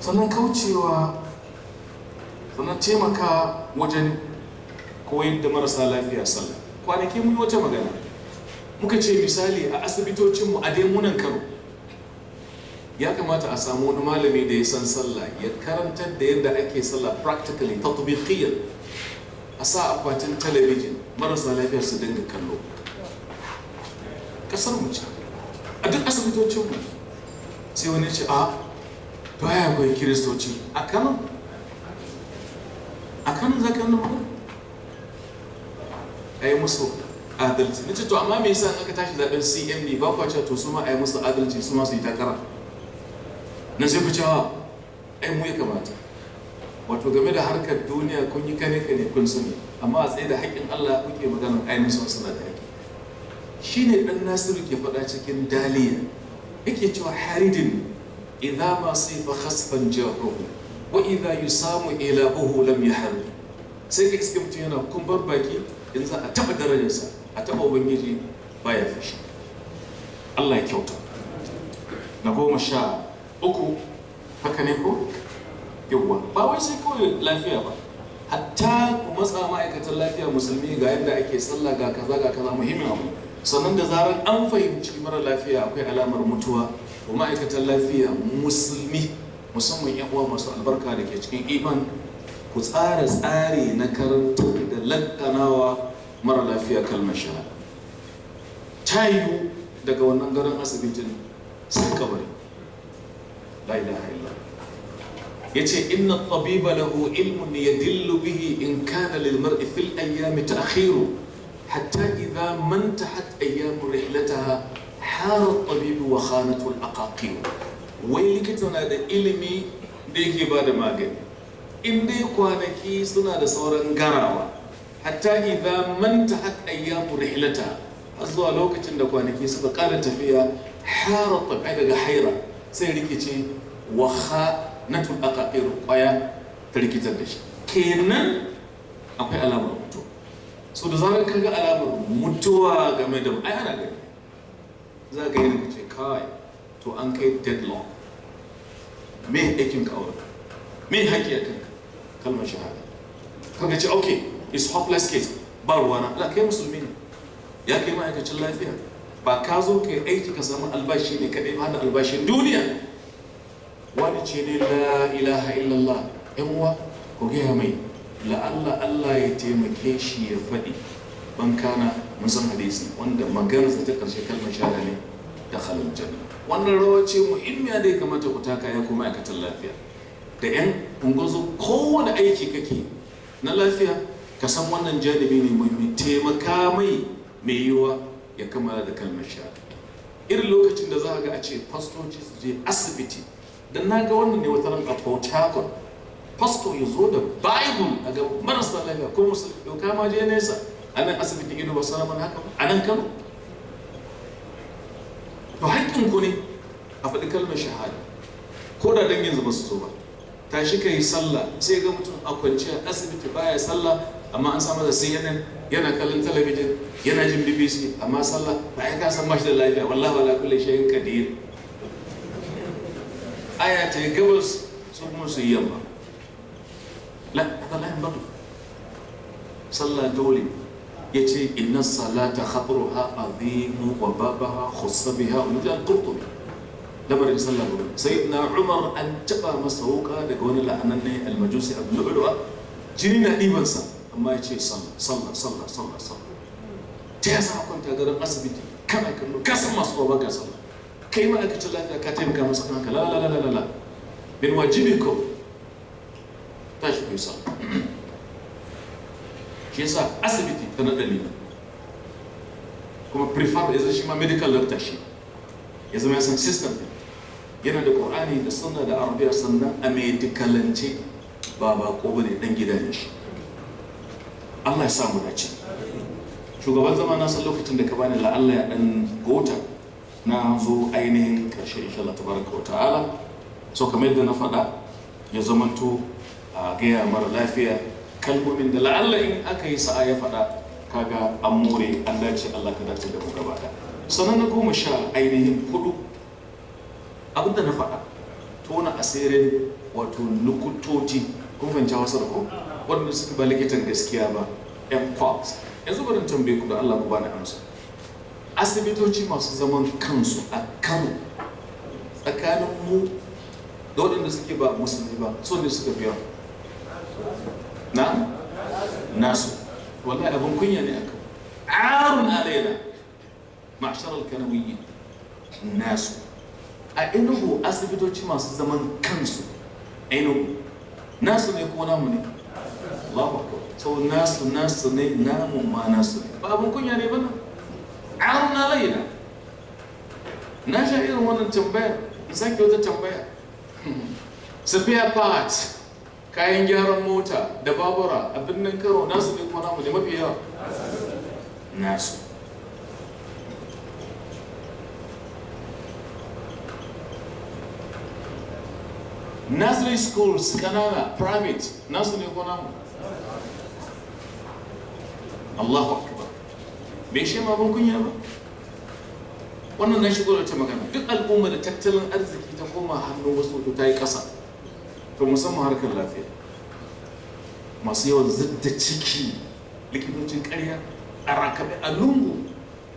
sannan kaucewa sannan taimaka wajen koyar da marasa lafiya sallah kwanaki mun wata magana muka ce misali a asibitocinmu a daimunan karo ya kamata a samu wani malami da ya san sallah ya karantar da yadda ake sallah practically tatbiqiyan a sa akwatin talabijin marasa lafiyar su dinga kallo kasar mu ce a duk asibitocin mu sai wani ce a ah, baya kai kiristoci a kanan a kanan za ka nuna a yi musu adalci na ce to amma me yasa aka tashi zaben cmd ba kwa to su ma a yi musu adalci su ma su yi takara na sai ku cewa ah, ai mu ya kamata wato game da harkar duniya kun yi kane kane kun sani amma a tsaye da haƙƙin Allah kuke magana ainihin suna da haƙƙi shine dan Nasiru ke faɗa cikin daliya yake cewa haridin idza ma sifa khasfan jaruhu wa idza yusamu uhu lam yahal sai ka iske mutum yana bar baki in za a taɓa darajarsa a taɓa ubangiji baya fushi Allah ya kyauta na goma sha uku haka ne ko yawwa ba wai sai kawai lafiya ba hatta ku matsa ma'aikatan lafiya musulmi ga yadda ake sallah ga kaza ga kaza muhimmin abu sannan da zarar an fahimci mara lafiya akwai alamar mutuwa ko ma'aikatan lafiya musulmi musamman yan uwa masu albarka da ke cikin iman ku tsara tsari na karantar da lakkanawa mara lafiya kalmar shahada ta yiwu daga wannan garin asibitin sai kabari la ilaha illallah yace inna ina tabiba lahu ilmun yadillu bihi in kana lil mar'i fil ayyami ta'khiru hatta idha mantahat ayyamu rihlataha hara tabibu wa khanatu al-aqaqir wai likita na da ilimi da yake ba da magani in dai kwanaki suna da sauran garawa hatta idha mantahat muri rihlataha har zuwa lokacin da kwanaki suka ƙara tafiya hara tabi daga haira sai rikici wa na turbaka irin kwaya ta rikitar da shi kenan akwai alamar mutuwa so da zarar ka ga alamar mutuwa game da ai ana gani za ka yi rikice kawai to an kai deadlock me aikin ka aure me haƙi a kanka kalmar shahada kaga ce okay it's hopeless case ba ruwana ala kai musulmi ne ya kai ma'aikacin lafiya ba ka zo ka yi aiki ka samu albashi ne kaɗai ba da albashin duniya wani ce ne la ilaha illallah yan uwa ku gaya mai la'alla Allah ya taimake shi ya faɗi ban kana musan hadisi wanda maganarsa ta ƙarshe kalmar shahada ne da halin janna wannan rawar ce muhimmiya da ya kamata ku taka ya kuma aikatan lafiya da yan ungozo kowane aiki kake na lafiya ka san wannan jalibi ne mai taimaka mai mai yiwa ya kamala da kalmar shahada irin lokacin da za a ga a ce fastoci su je asibiti Dan na ga wannan ne wata a port harcourt pastor ya zo da bible a ga marasa lafiya ko musulmi dauka ma je nesa a nan asibitin ido ba sana mana haka a nan kano to haƙƙin ku ne a faɗi kalmar shahada ko da dangin zuba su zo ba tashi ka yi sallah sai ga mutum a kwance a asibiti baya sallah amma an samu da cnn yana kallon talabijin yana jin bbc amma sallah ba ya kasan mashi da lafiya wallahi wala kulli shay'in kadir آية تجوز صوب موسى يما لا هذا لا ينبغي صلى دولي يتي إن الصلاة خبرها عظيم وبابها خص بها ومجا القرطبي دبر صلى الله عليه سيدنا عمر أن تبع مسروقا لقول الله أنني المجوسي أبن العلوة جنين إيمان صلى أما يتي صلى صلى صلى صلى صلى تيسا أكون تقدر قصبتي كما يكون كسر مسروقا صلى kai ma'aikacin lafiya ka taimaka masa kanka haka lalalalala bin la la min wajibikum tashi shi yasa asibiti ta na dalilin kuma prefer ya zama shi ma medical doctor shi ya zama yasan system din yana da qur'ani da sunna da arabiya sannan a medicalance ba ba ko bane dan gida ne shi Allah ya samu dace shugaban zama na san lokacin da ka bani la Allah ya dan gota na zo ainihin karshe insha Allah tabaraka wa ta'ala so kamar yadda na faɗa ya zamanto a gaya mara lafiya kalmomin da la'alla in aka yi sa'a ya faɗa kaga an more an dace Allah ka dace da mu gaba sannan na goma sha ainihin hudu abinda na faɗa tona asirin wato lukutoci kun fahimci wasu da ko waɗanda suka ba likitan gaskiya ba yan kwaks yanzu barin tambaye ku da Allah ku bani amsa asibitoci masu zaman kansu a kano tsakanin mu da waɗanda suke ba musulmi ba so ne suka biya na nasu wallahi abin kunya ne aka arun alaina ma'ashar alkanawiyyi nasu a inugu asibitoci masu zaman kansu a inugu nasu ne ko namu ne Allahu akbar sau nasu nasu ne namun ma nasu ba abin kunya ne ba na. عرنا ليلة نجا إلى من التنبيه نسان كيو تنبيه سبيه بات كاين جار الموتى دبابرة أبن ننكرو ناس اللي يكون عمو دي مبيا ناس ناس اللي سكولز كنانا برامت ناس اللي يكون عمو الله أكبر bai shi ma ban kunya ba wannan na shigo da ta magana duk al'umma da tattalin arziki ta koma hannun wasu to ta yi ƙasa to musamman harkar lafiya masu yawan zidda ciki likitocin ƙarya a rakabe a lungu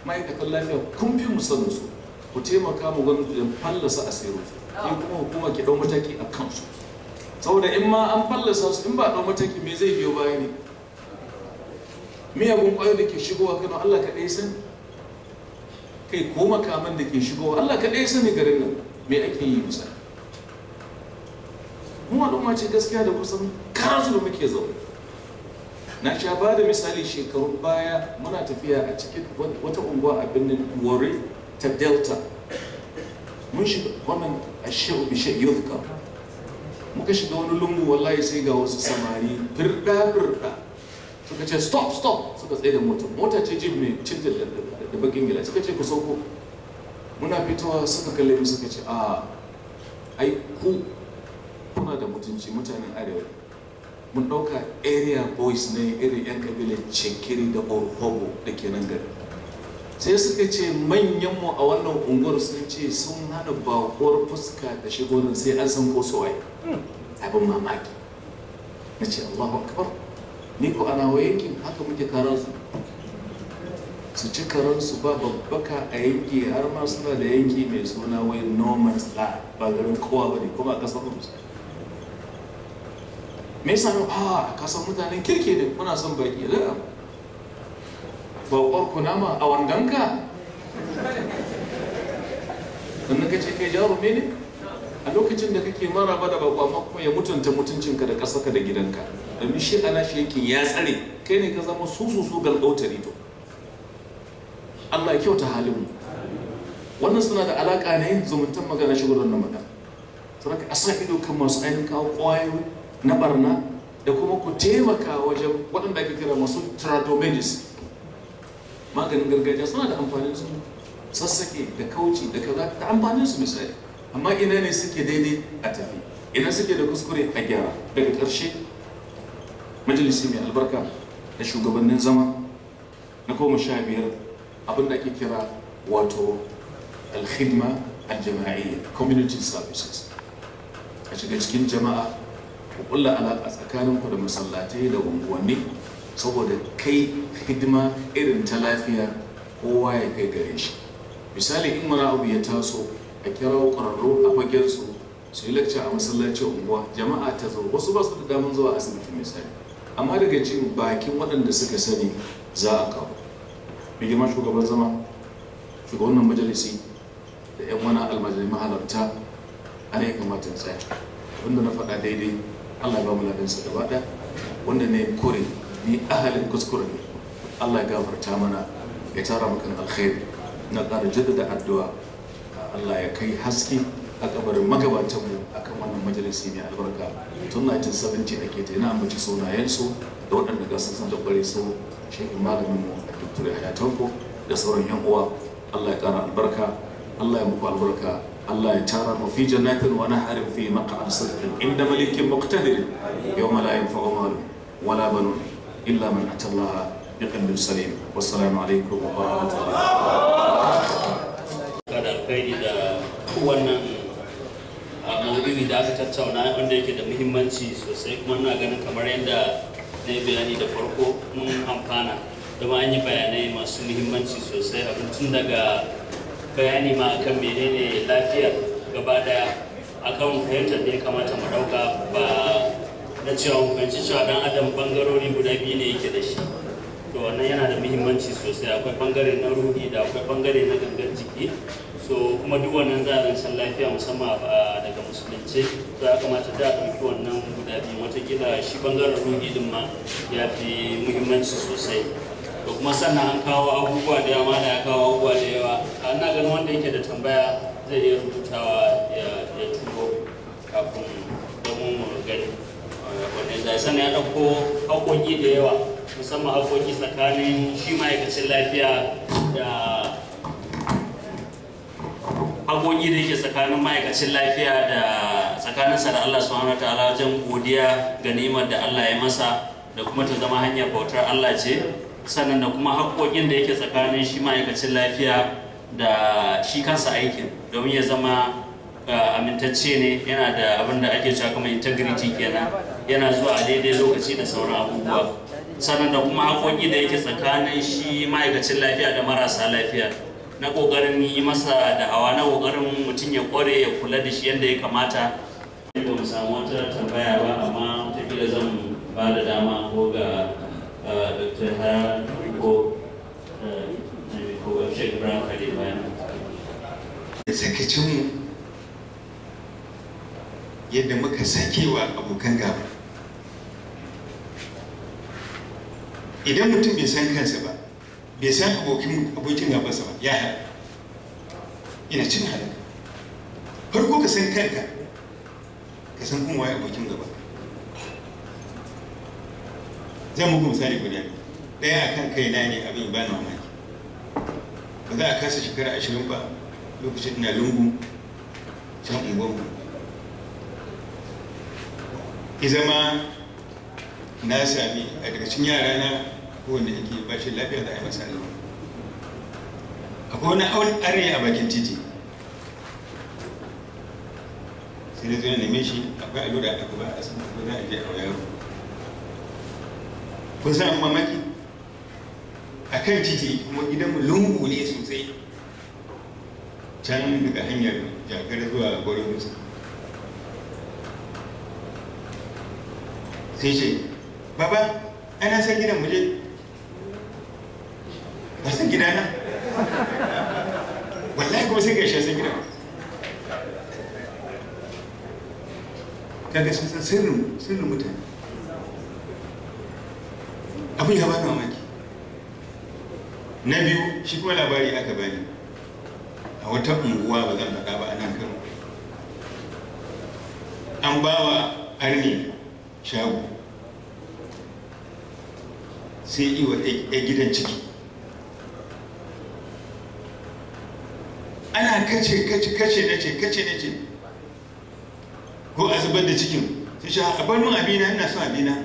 ma'aikatan lafiya kun fi musamman su ku taimaka mu gwamnati da fallasa asirin su in oh. kuma hukuma ke ɗau mataki a kansu saboda in ma an fallasa su in ba ɗau mataki me zai biyo baya ne miyagun ƙwayo da ke shigowa kano allah kaɗai sani kai ko makaman da ke shigowa allah kaɗai sani garin nan me ake yi musa mu al'umma ce gaskiya da kusan kansu da muke zaune na sha ba da misali shekaru baya muna tafiya a cikin wata unguwa a birnin wari ta delta mun shiga kwanan a shehu bishe yuzka muka shiga wani lungu wallahi sai ga wasu samari firda firda suka ce stop stop suka tsaye da mota mota ce jin mai cinta da bakin gila suka ce ku sauko muna fitowa suka kalle mu suka ce a ai ku kuna da mutunci mutanen arewa mun ɗauka area boys ne irin yan kabilar cekiri da orhobo da ke nan gari sai suka ce manyan mu a wannan unguwar sun ce sun hada bakuwar fuska da shigo sai an san ko sowaye hmm. abin mamaki na ce allahu akbar ni ko ana yankin haka muke karansu su ci karansu su ba babbaka a yanki har ma suna da yanki mai suna wai no man's ba garin kowa ba ne kuma a ƙasar musu? me yasa ne ah, a ka san mutanen kirke ne muna son baki da eh, bakwar nama a wanganka sannan ka ce kai jarumi ne a lokacin da kake maraba da bakwa ya mutunta mutuncinka da ƙasarka da gidanka domin shi ana shi yake ya tsare kai ne ka zama su su su galgautari to Allah ya kyauta halin mu wannan suna da alaka ne zumuntan magana shi gudun magana saboda a asa ido kan masu ainihin kawo ƙwayoyi na barna da kuma ku taimaka wajen waɗanda ake kira masu tradomedis maganin gargajiya suna da amfanin su sassake da kauci da kaza da amfanin su misali amma ina ne suke daidai a tafi ina suke da kuskure a gyara daga ƙarshe majalisi mai albarka da shugabannin zama na goma sha biyar abin da ake kira wato alhidma aljama'iyya community services a shiga cikin jama'a ku kulla alaƙa tsakanin da masallatai da unguwanni saboda kai hidima irin ta lafiya kowa ya kai gare shi misali in wani abu ya taso a kirawo ƙwararru a fagen su su yi lakca a masallacin unguwa jama'a ta zo wasu ba su da damar zuwa asibiti misali amma daga cikin bakin waɗanda suka sani za a kawo mai girma shugaban zama wannan majalisi da 'yan wani almajalai mahalarta a yi kamata tsaya wanda na faɗa daidai allah ya ba mu ladansa gaba ɗaya wanda ne kore ni ahalin kuskuren ne allah ya gafarta mana ya tara maka alkhairi na ƙara jaddada addu'a Allah ya kai haske a kabarin magabatanmu wannan majalisi mai albarka tun 1970 ake ta yana ambaci sunayensu da waɗanda ga sun da kware su shekin malamin mu a doktor yahaya tanko da sauran yan uwa allah ya ƙara albarka allah ya muku albarka allah ya tara mu fi jannatin wa naharin fi maq'ad sidqin inda malikin muqtadir yawma la yanfa'u malun wala banun illa man atallaha biqalbin salim wassalamu alaikum wa rahmatullahi wa barakatuh wannan maudu'i da aka tattauna wanda yake da muhimmanci sosai kuma ina ganin kamar yadda na yi bayani da farko mun amfana dama an yi bayanai masu muhimmanci sosai abin tun daga bayani ma akan menene lafiya gaba daya akan fahimtar da ya kamata mu dauka ba na cewa mu fahimci cewa dan adam bangarori guda biyu ne yake da shi to wannan yana da muhimmanci sosai akwai bangare na ruhi da akwai bangare na gangar jiki so kuma duk wannan za a zancen lafiya musamman daga musulunci za a kamata da ɗauki wannan guda biyu watakila shi bangaren ruhi din ma ya fi muhimmanci sosai To kuma sannan an kawo abubuwa da yawa da ya kawo abubuwa da yawa ana ganin wanda yake da tambaya zai iya rubutawa ya turo kafin don mu gani eh, wanda zai sannan ya ɗauko haƙoƙi da yawa musamman haƙoƙi tsakanin shi ma'aikacin lafiya da Hakoki da yake tsakanin ma'aikacin lafiya da tsakaninsa da Allah subhanahu ta'ala wajen godiya ga ni'imar da Allah ya masa da kuma ta zama hanyar bautar Allah ce sannan da kuma haƙoƙin da yake tsakanin shi ma'aikacin lafiya da shi kansa aikin domin ya zama amintacce ne yana da abin da ake cewa kuma integrity kenan yana zuwa a daidai lokaci da sauran abubuwa sannan da kuma haƙoƙi da yake tsakanin shi ma'aikacin lafiya da marasa lafiya na kokarin yi masa da hawa na kokarin mutum ya kware ya kula da shi yadda ya kamata ba mu samu wata tambaya ba amma tafiya zan ba da dama ko ga dr haya ko ga shek brown kare bayan sakacinmu yadda muka wa abokan gaba idan mutum bai san kansa ba bai san abokin abokin gabansa ba ya haɗu ina cin haɗu farko ka san kanka ka san kuma waye abokin gaba zan muku misali guda ɗaya a kan kai na ne abin ba na mamaki ba za a kasa shekara ashirin ba lokacin ina lungu can unguwanku ya zama na sami a daga cikin yarana Kowanne yake bashi lafiya za a yi masa alwa akwai wani awon arne a bakin titi sai da zuwa neme shi akwai allura da ba a san ko za a je a wayar kun san mamaki a kan titi kuma gidanmu lungu ne sosai can daga hanyar jakar zuwa gwarin musu sai ce baba ana san gidan muje ba gida na wallahi kuma sai gaishe sun gida kaga sun san sirrin sirrin mutane abin ya bada mamaki na biyu shi kuma labari aka bani a wata unguwa ba zan faɗa ba a nan kan an ba wa arni shago sai iwa ya gidan ciki ana kace kace kace nace kace nace ko a zubar da cikin sai shi a bar mun abina ina son abina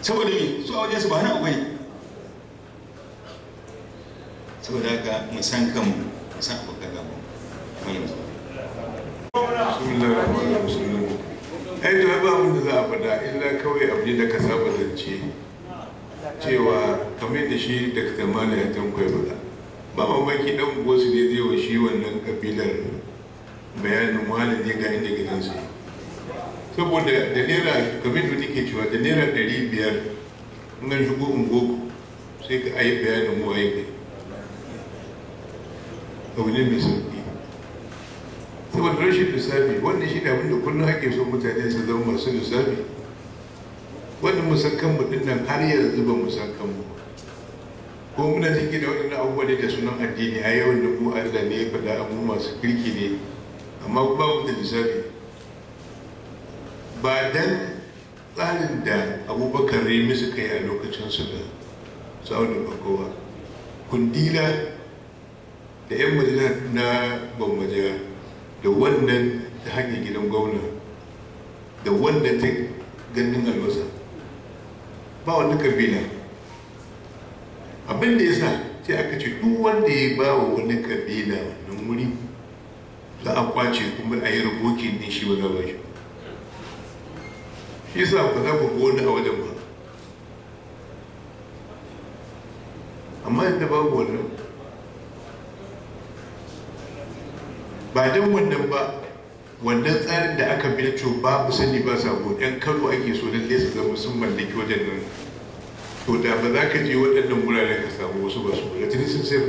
saboda me su a wajen su ba na uba ne saboda ka mu san kanmu mu san abokan gamu kamar yanzu ai to ba mun da za a faɗa illa kawai abu ne da ka saba zance cewa kamar da shi da kamala ya tankwai bada ba mamaki dan gosu ne zai wa shi wannan kabilar bayanin wani ne ga inda gidansu saboda da naira kamar da nake cewa da naira ɗari biyar in an shigo ungoku sai ka ayi bayanin waye ne abu ne mai sauƙi saboda rashin lissafi wannan shi ne abinda kullum ake so mutane su zama masu lissafi wani musakan mu din nan har yanzu ba musakan mu ko muna cikin da waɗannan abubuwa ne da sunan addini a yawan da mu Allah ne ya faɗa abu masu kirki ne amma babu da lissafi ba dan tsarin da abubakar remi suka yi a lokacin su da tsawon da bakowa kundila da 'yan majalar na bambaja da wannan ta hanyar gidan gwamna da wannan ta ganin albasa ba wani kabila abinda ya sa sai aka ce duk wanda ya ba wa wani kabila wannan wuri za a kwace kuma a yi rubokin din shi ba za ba shi shi sa ku za ku wani a wajen ba amma yadda babu wannan ba don wannan ba wannan tsarin da aka bi na cewa babu sani ba sabo yan kano ake so lalle su zama sun mallaki wajen nan to da ba za ka je waɗannan wuraren ka samu wasu ba su da tuni sun sayar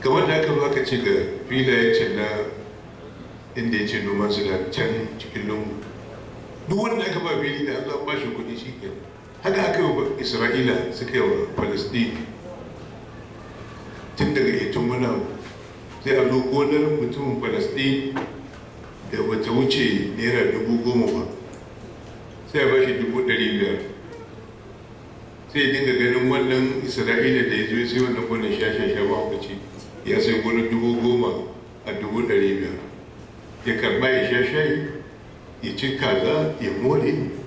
kamar da aka aka ce ga filayen can na inda ya ce noman su da can cikin lungu duk wanda aka ba fili da allah ba shi kuɗi shi ke haka aka yi wa isra'ila suka yi wa palestine tun daga ita muna sai a zo gonar mutumin falastin da wata wuce naira dubu goma ba sai a ba shi dubu ɗari biyar sai dinga ganin wannan isra'ila da ya zo sai wannan gonar sha ba ya sai gonar dubu goma a dubu ɗari biyar ya karɓa ya sha shayi ya ci kaza ya more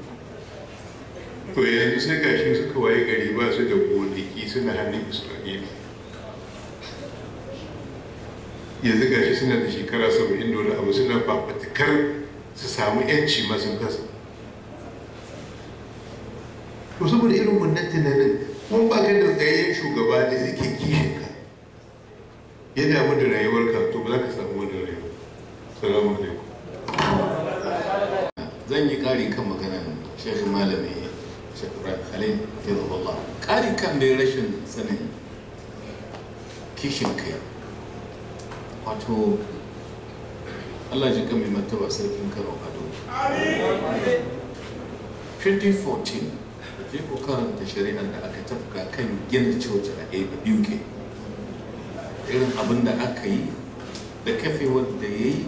to yanzu sai gashi suka waye gari ba su da gonaki suna hannun isra'ila yanzu ga shi suna da shekara saba'in da wani abu suna fafatikar su samu yanci masu kasa to saboda irin wannan tunanin kuma ba ka da tsayayyen shugaba da suke kishin ka ya damu da rayuwar ka to ba za ka samu wani rayuwa salamu alaikum zan yi ƙari kan magana ne shekhi malami shekhi alim ya zaba Allah ƙari kan da rashin sanin kishin kai wato Allah ji mai martaba sarkin Kano Ado 2014 je karanta shari'ar da aka tafka kan gina coci a UK irin abin da aka yi da kafe wadda ya yi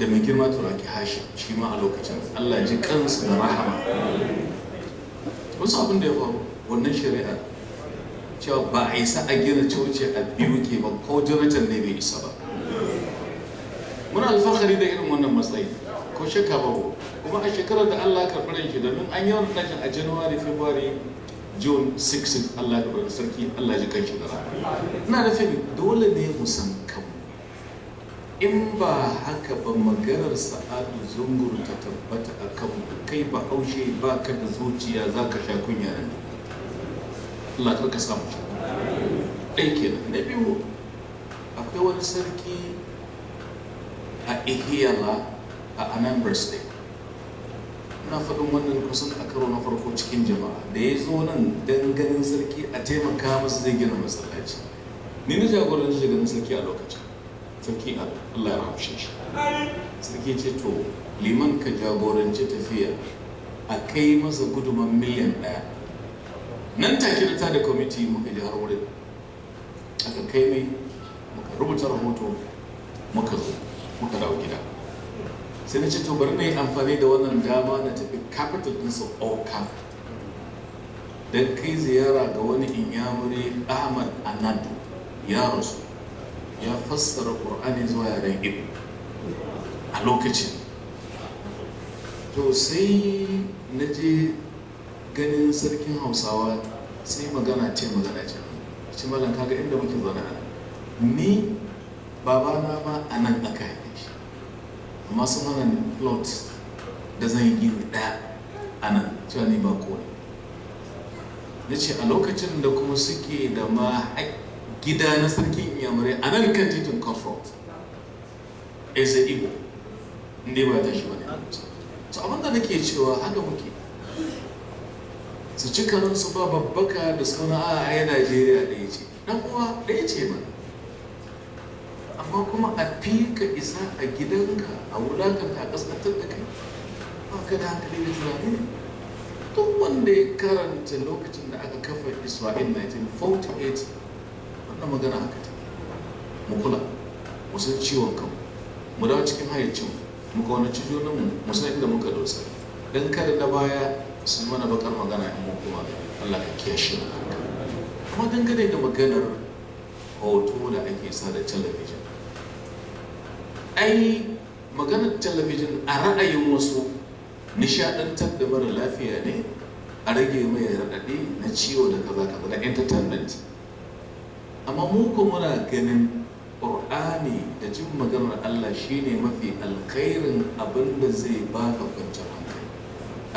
da mai girma turaki hashi shi ma a lokacin Allah ji kansu da rahama wasu abin da ya faru wannan shari'ar cewa ba a isa a gina coci a biyu ke ba ko darajar ne bai isa ba muna alfahari da irin wannan matsayi ko shakka babu kuma a shekarar da Allah karɓar fara domin an yi wani tashin a January February June 6 Allah ka sarki Allah ji kanshi da rana dole ne mu san kanmu in ba haka ba maganar sa'adu Zungur ta tabbata a kanmu kai ba haushe ba ka da zuciya za ka sha kunya ne Allah kar ka samu ke nan, na biyu akwai wani sarki a ihiyala a anambra state na faɗin wannan kusan a karo na farko cikin jama'a da ya zo nan don ganin sarki a taimaka masa zai gina masallaci ni na jagoran shi ganin sarki a lokacin sarki a, Allah ya rahamshe shi sarki ce to liman ka jagoranci tafiya a kai masa guduman miliyan ɗaya nan take da ta da kwamiti muka je har wurin aka kai mai muka rubuta rahoto muka zo muka dawo gida sai na ce to bari na yi amfani da wannan dama na tafi capital din sau oka don kai ziyara ga wani inyamuri ahmad anadu ya rasu ya fassara ƙur'ani zuwa yaren ibu a lokacin to sai na je ganin sarkin hausawa sai magana ce magana ce shi malam kaga inda muke zana a ni babana ma a nan aka haife shi amma sun hana plot da zan yi gini daya a nan cewa ni ba ko na ce a lokacin da kuma suke da ma gida na sarkin iyamurai a nan kan titin comfort eze igbo inda ba ta shi wani abinci abin da nake cewa haka muke su ci su ba babbaka da suna a ya najeriya ya ce dan uwa ya ce ba amma kuma a fi ka isa a gidanka a wulakan a kasantar da kai ba ka da hankali da tunani ne duk wanda ya karanta lokacin da aka kafa isra'il 1948 wannan magana haka ta mu kula mu san ciwon kan mu dawo cikin hayyacin mu kaunaci na mu san inda muka dosa don kada na baya sun mana bakar magana in kuma Allah ka shi kuma dangane da maganar hoto da ake sa da talabijin ai maganar talabijin a ra'ayin wasu nishadantar da mara lafiya ne a rage mai raɗaɗi na ciwo da kaza kaza na entertainment amma mu muna ganin ƙur'ani da jin maganar Allah shine mafi alkhairin abin da zai baka kwanciyar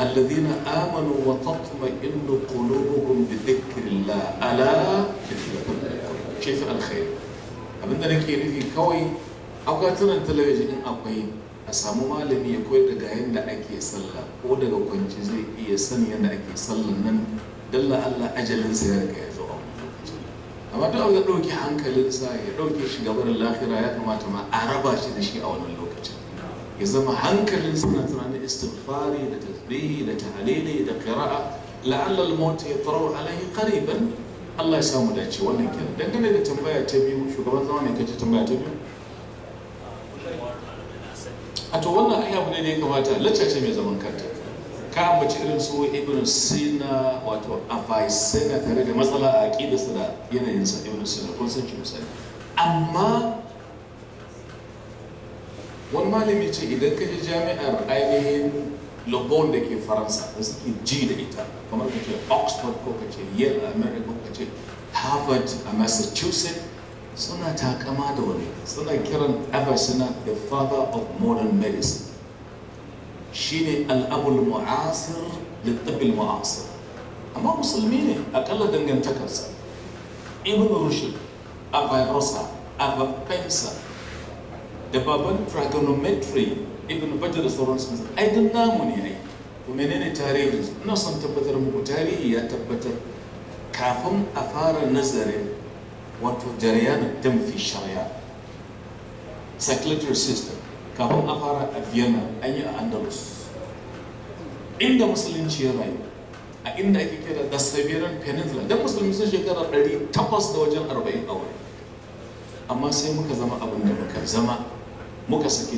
الذين آمنوا وتطمئن قلوبهم بذكر الله ألا كيف الخير abinda nake nufi kawai akwatunan talabijin in akwai a samu malami ya koyar daga yadda ake sallah ko daga kwanci zai iya sani yadda ake sallan nan dalla Allah ajalinsa ya riga ya zo amma duk abin da ɗauki hankalinsa ya ɗauke shi gaba da ya kamata ma a raba shi da shi a wannan ya zama hankalin suna tunanin istighfari da tasbihi da tahlili da qira'a la'alla al-maut yatrau qariban Allah ya samu dace wannan dangane da tambaya ta biyu shugaban zama ne kace tambaya ta biyu a to wannan ne kamata mai zaman kanta ka ambaci irin su ibn sina wato avicenna tare da matsala a aqidarsa da yanayinsa ibn sina kun san shi misali amma wani malami ce idan ka je jami'ar ainihin lobon da ke faransa da suke ji da ita kamar ka ce oxford ko ka ce yale a america ko ka ce harvard a massachusetts suna takama da wani suna kiran avicenna the father of modern medicine shine al'abul mu'asir littabil mu'asir amma musulmi ne akalla dangantakarsa ibn rushd a virusa a da baban trigonometry ibn Bajjar da sauran sun ai duk namu ne ai to menene tarihi ina son tabbatar muku tarihi ya tabbatar kafin a fara nazarin wato jaryan damfi shari'a circulatory system kafin a fara a vienna an yi a andalus inda musulunci ya rayu a inda ake kira da sabiran peninsula don musulmi sun shekara ɗari takwas da wajen arba'in a wuri amma sai muka zama abin da muka zama muka saki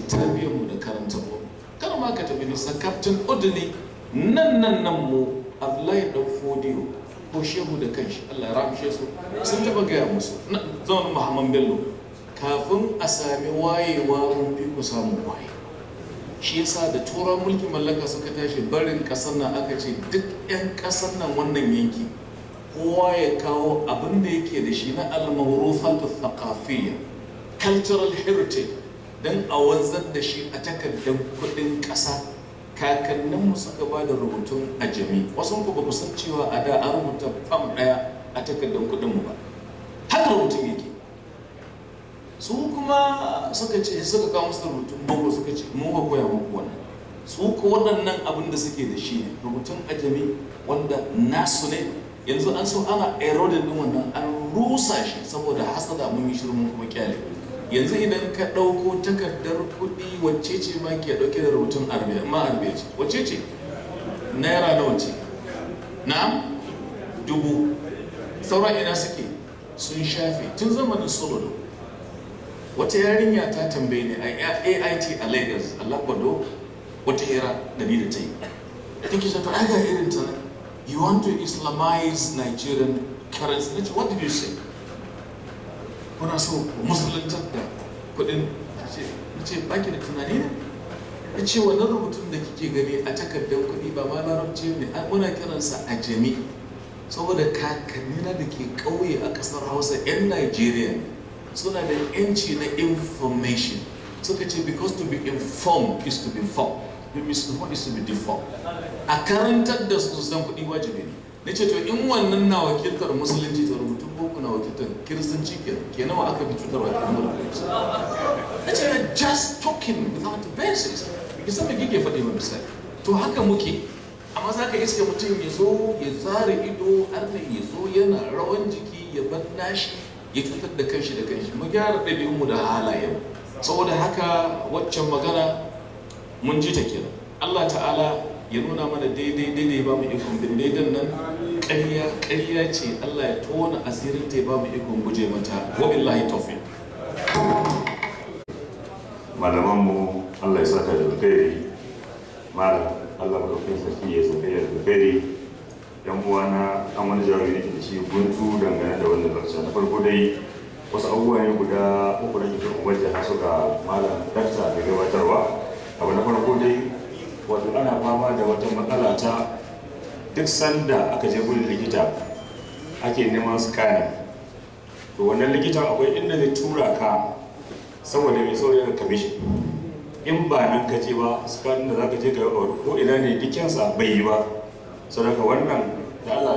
mu da karantarwa kar ma ka tafi nisa captain udini nan nan nan mu abdullahi dan fodiyo ko shehu da kanshi allah ya ramshe su sun taba gaya musu zaman muhammad bello kafin a sami wayewa mun bi ku samu waye shi yasa da turan mulkin mallaka suka tashi barin kasar nan aka ce duk 'yan kasar nan wannan yanki kowa ya kawo abin da yake da shi na al-mawrufat al-thaqafiyya cultural heritage don a wanzar da shi a takardar kudin ƙasa kakanninmu suka ba da rubutun ajami wasu ku ba san cewa a da an rubuta fam ɗaya a takardar mu ba haka rubutun yake su kuma suka ce suka kawo musu rubutun bango suka ce mu ba koya muku wannan su ko waɗannan abin da suke da shi ne rubutun ajami wanda nasu ne yanzu an so ana erodin din wannan an rusa shi saboda hasada mun yi shirin kuma kyale yanzu idan ka ɗauko takardar kuɗi wacce ce ma ke ɗauke da rubutun ma arbe ce wacce ce naira nawa ce na dubu sauran ina suke sun shafe tun zamanin solon wata yarinya ta tambaye ne a ait a lagos a lakwado wata hira da ni da ta take ta aga irin ta you want to islamize nigerian currency what did you say muna so musuluntar da kudin ce baki da tunani ne ya ce wannan rubutun da kike gani a takardar kuɗi ba ma larabci ne muna kiransa a jami saboda na da ke ƙauye a ƙasar hausa 'yan najeriya suna da 'yanci na information suka ce because to be informed is to be formed to be is to be deformed a karantar da su san kuɗi wajibi ne nace ce to in wannan na wakiltar musulunci to rubutun boko na wakiltar kiristanci ke nawa aka fi cutarwa da nawa na ce just talking without basis ki san me faɗi ma misali to haka muke amma za ka iske mutum ya zo ya tsara ido har da ya zo yana rawan jiki ya bar nashi ya cutar da kanshi da kanshi mu gyara mu da halayen saboda haka waccan magana mun ji ta kenan Allah ta'ala ya nuna mana daidai daidai ba mu ikon bin daidan nan ƙarya ƙarya ce Allah ya tona asirin ta ba mu ikon guje mata wa billahi tawfiq malaman mu Allah ya saka da alkhairi malam Allah madaukakin sarki ya saka da alkhairi yan uwana an wani jawabi nake da shi guntu dangane da wannan lakca na farko dai wasu abubuwa ne guda uku da ke wajen su ga malam dakta da gabatarwa abu na farko dai wato ana fama da wata matsala ta duk sanda aka je gurin likita ake neman scanning to wannan likitan akwai inda zai tura ka saboda mai saboda ka bishi in ba nan ka ce ba scanning da za ka je ka ko ina ne dikensa bai yi ba saboda wannan da ala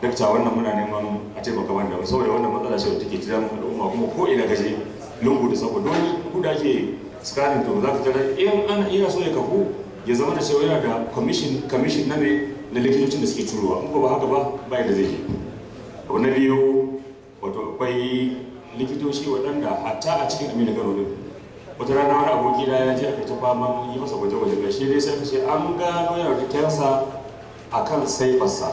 dakta wannan muna neman a taimaka wanda saboda wannan matsala ce da take jiran al'umma kuma ko ina ka je lungu da saboda wani kuda ke ake scanning to za ka tarar in ana iya so ya kafu ya zama da cewa yana da commission na mai na likitocin da suke turowa in ba haka ba ba yadda zai abu na biyu wato akwai likitoci waɗanda hatta a cikin amina kano din wata rana wani aboki na ya je a fita faman yi masa gwaje-gwaje ga shi dai sai ce an gano yana da kansa a kan saifarsa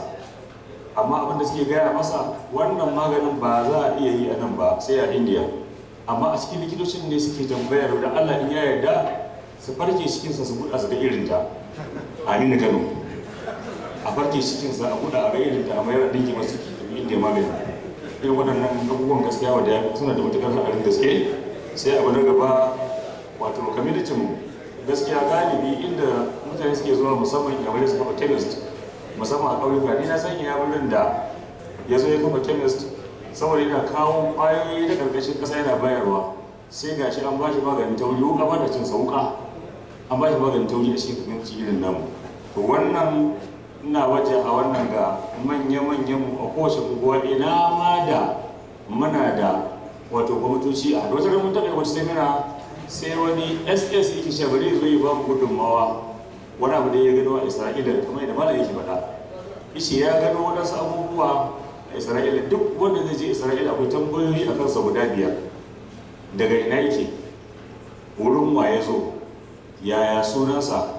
amma abin da suke gaya masa wannan maganin ba za a iya yi a nan ba sai a indiya amma a cikin likitocin ne suke tambayar da allah in ya yarda su farke cikinsa su buɗa su ga irinta amina kano a farke cikinsa a buɗe a rayu da amma yana dinki masu ki inda ya magani irin waɗannan abubuwan gaskiya wa da suna da matuƙar haɗarin gaske sai abu na gaba wato community mu gaskiya galibi inda mutane suke zuwa musamman wani su kafa chemist musamman a ƙauyuka ni na sanya ya wani da ya zo ya kafa chemist saboda yana kawo ƙwayoyi na ƙarƙashin ƙasa yana bayarwa sai ga shi an bashi maganin tauri wuka ba da cin sauka an bashi maganin tauri a cikin kamar cikin namu to wannan ina waje a wannan ga manya-manyan mu a kowace guguwa ina ma da muna da wato kwamitoci a da mun taɓa wata semina sai wani ss yake ce bari zo yi ba mu gudunmawa wani abu da ya gano a isra'ila kuma yadda malam yake faɗa ishe ya gano waɗansu abubuwa a isra'ila duk wanda zai je isra'ila akwai tambayoyi a kansa guda biyar daga ina yake wurin wa ya zo yaya sunansa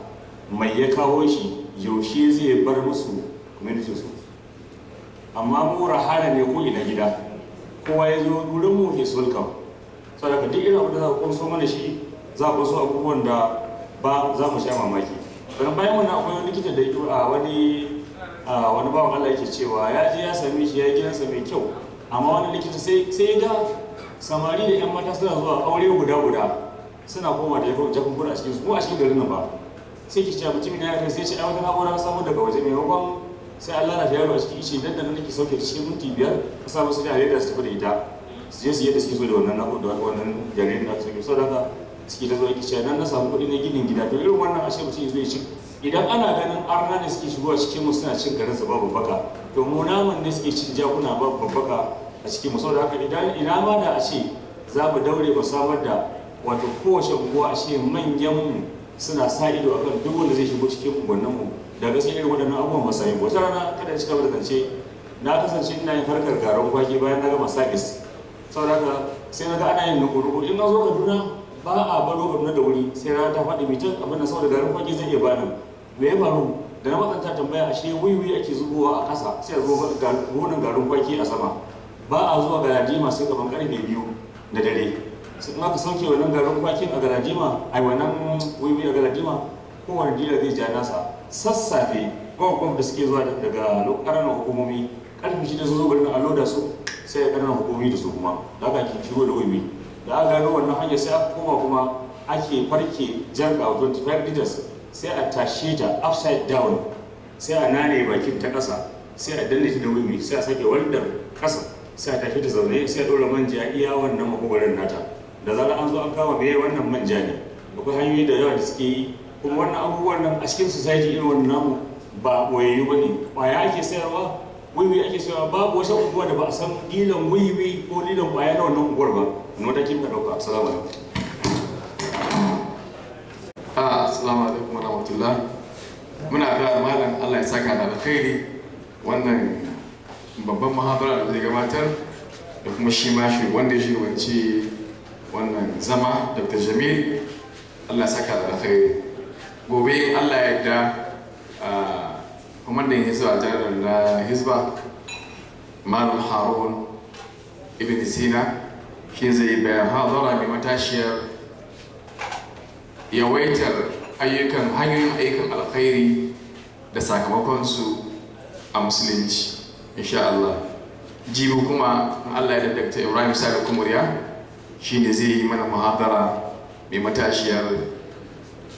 mai ya kawo shi yaushe zai bar musu community su amma mu rahala ne ko ina gida kowa ya zo wurin mu his welcome da duk irin abin da za ku kunso mana shi za ku so abubuwan da ba za mu sha mamaki dan bayan wannan akwai wani likita da a wani wani bawan Allah yake cewa ya je ya same shi ya gidansa mai kyau amma wani likita sai sai ga samari da yan mata suna zuwa aure guda guda suna koma da jakun a cikin su ko a cikin garin nan ba sai ki ce mutumin na yare sai ce ai wata na'ura ka samu daga waje mai maimakon sai Allah na yaro a cikin ishe dan da nan nake sauke cikin minti biyar ka samu su da da su tafi da ita su je su yi yadda suke so da wannan na'ura da wannan jaririn da suke so daga suke da zo ki ce nan na samu kuɗi na ginin gida to irin wannan ashe mutum zai ci idan ana ganin arna ne suke shigowa cikin mu suna cin garin su babu baka to mu namun ne suke cin jakuna babu baka a cikin mu saboda haka idan ina ma da ashe za mu daure mu samar da wato kowace unguwa ashe manyan mu suna sa ido a kan duk wanda zai shigo cikin mu da gaskiya irin waɗannan abubuwan ba sa wata rana kada ya cika da zance na kasance ina yin harkar garin kwaki bayan na gama sabis saboda haka sai na ga ana yin nukuruku in na zo kaduna ba a baro kaduna da wuri sai rana ta faɗi mitin abin da saboda garin kwaki zai iya bani me ya faru da na matsanta tambaya ashe wuyi ake zubowa a ƙasa sai a zo gonan garin kwaki a sama ba a zuwa ga masu sai kaman karfe biyu da dare in ka sauke wannan garin kwakin a galajima ai wannan wiwi a Galajima kowane dila zai ja nasa sassafe gwamnati da suke zuwa daga karnar hukumomi karfi shi da su zo garin a loda su sai ya karnar hukumomi da su kuma da aka ke ciwo da wiwi da aka gano wannan hanyar sai aka koma kuma ake farke jarga 25 liters sai a tashe ta upside down sai a nane bakin ta ƙasa sai a danne ta da wiwi sai a sake wandar ƙasa sai a tashe ta zaune sai a ɗora manja iya wannan makogwaron nata da zarar an zo an kama me wannan manja ne akwai hanyoyi da yawa da suke yi kuma wannan abubuwan nan a cikin society irin wannan namu ba boyayyu ba ne ƙwaya ake sayarwa wiwi ake sayarwa babu wasu abubuwa da ba a san ilan wiwi ko ilan ƙwaya na wannan unguwar ba na wata ka dauka assalamu alaikum ah, assalamu alaikum warahmatullah muna ga malam Allah ya saka da alkhairi wannan babban muhabara da zai gabatar da kuma shi ma shi wanda ya shi wannan zama dr jamil allah saka da gobe allah ya yarda kwamandan hizba janar na hizba malam harun ibn sina shi zai bayan hazara mai matashiyar yawaitar ayyukan hanyoyin ayyukan alkhairi da sakamakonsu a musulunci insha jibi kuma Allah ya daddakta Ibrahim Sadiq Kumuriya shine zai yi mana muhadara mai matashiyar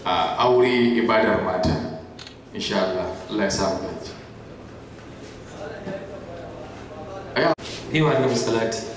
a aure ibadar mata insha Allah Allah ya sa mu dace ayo annabi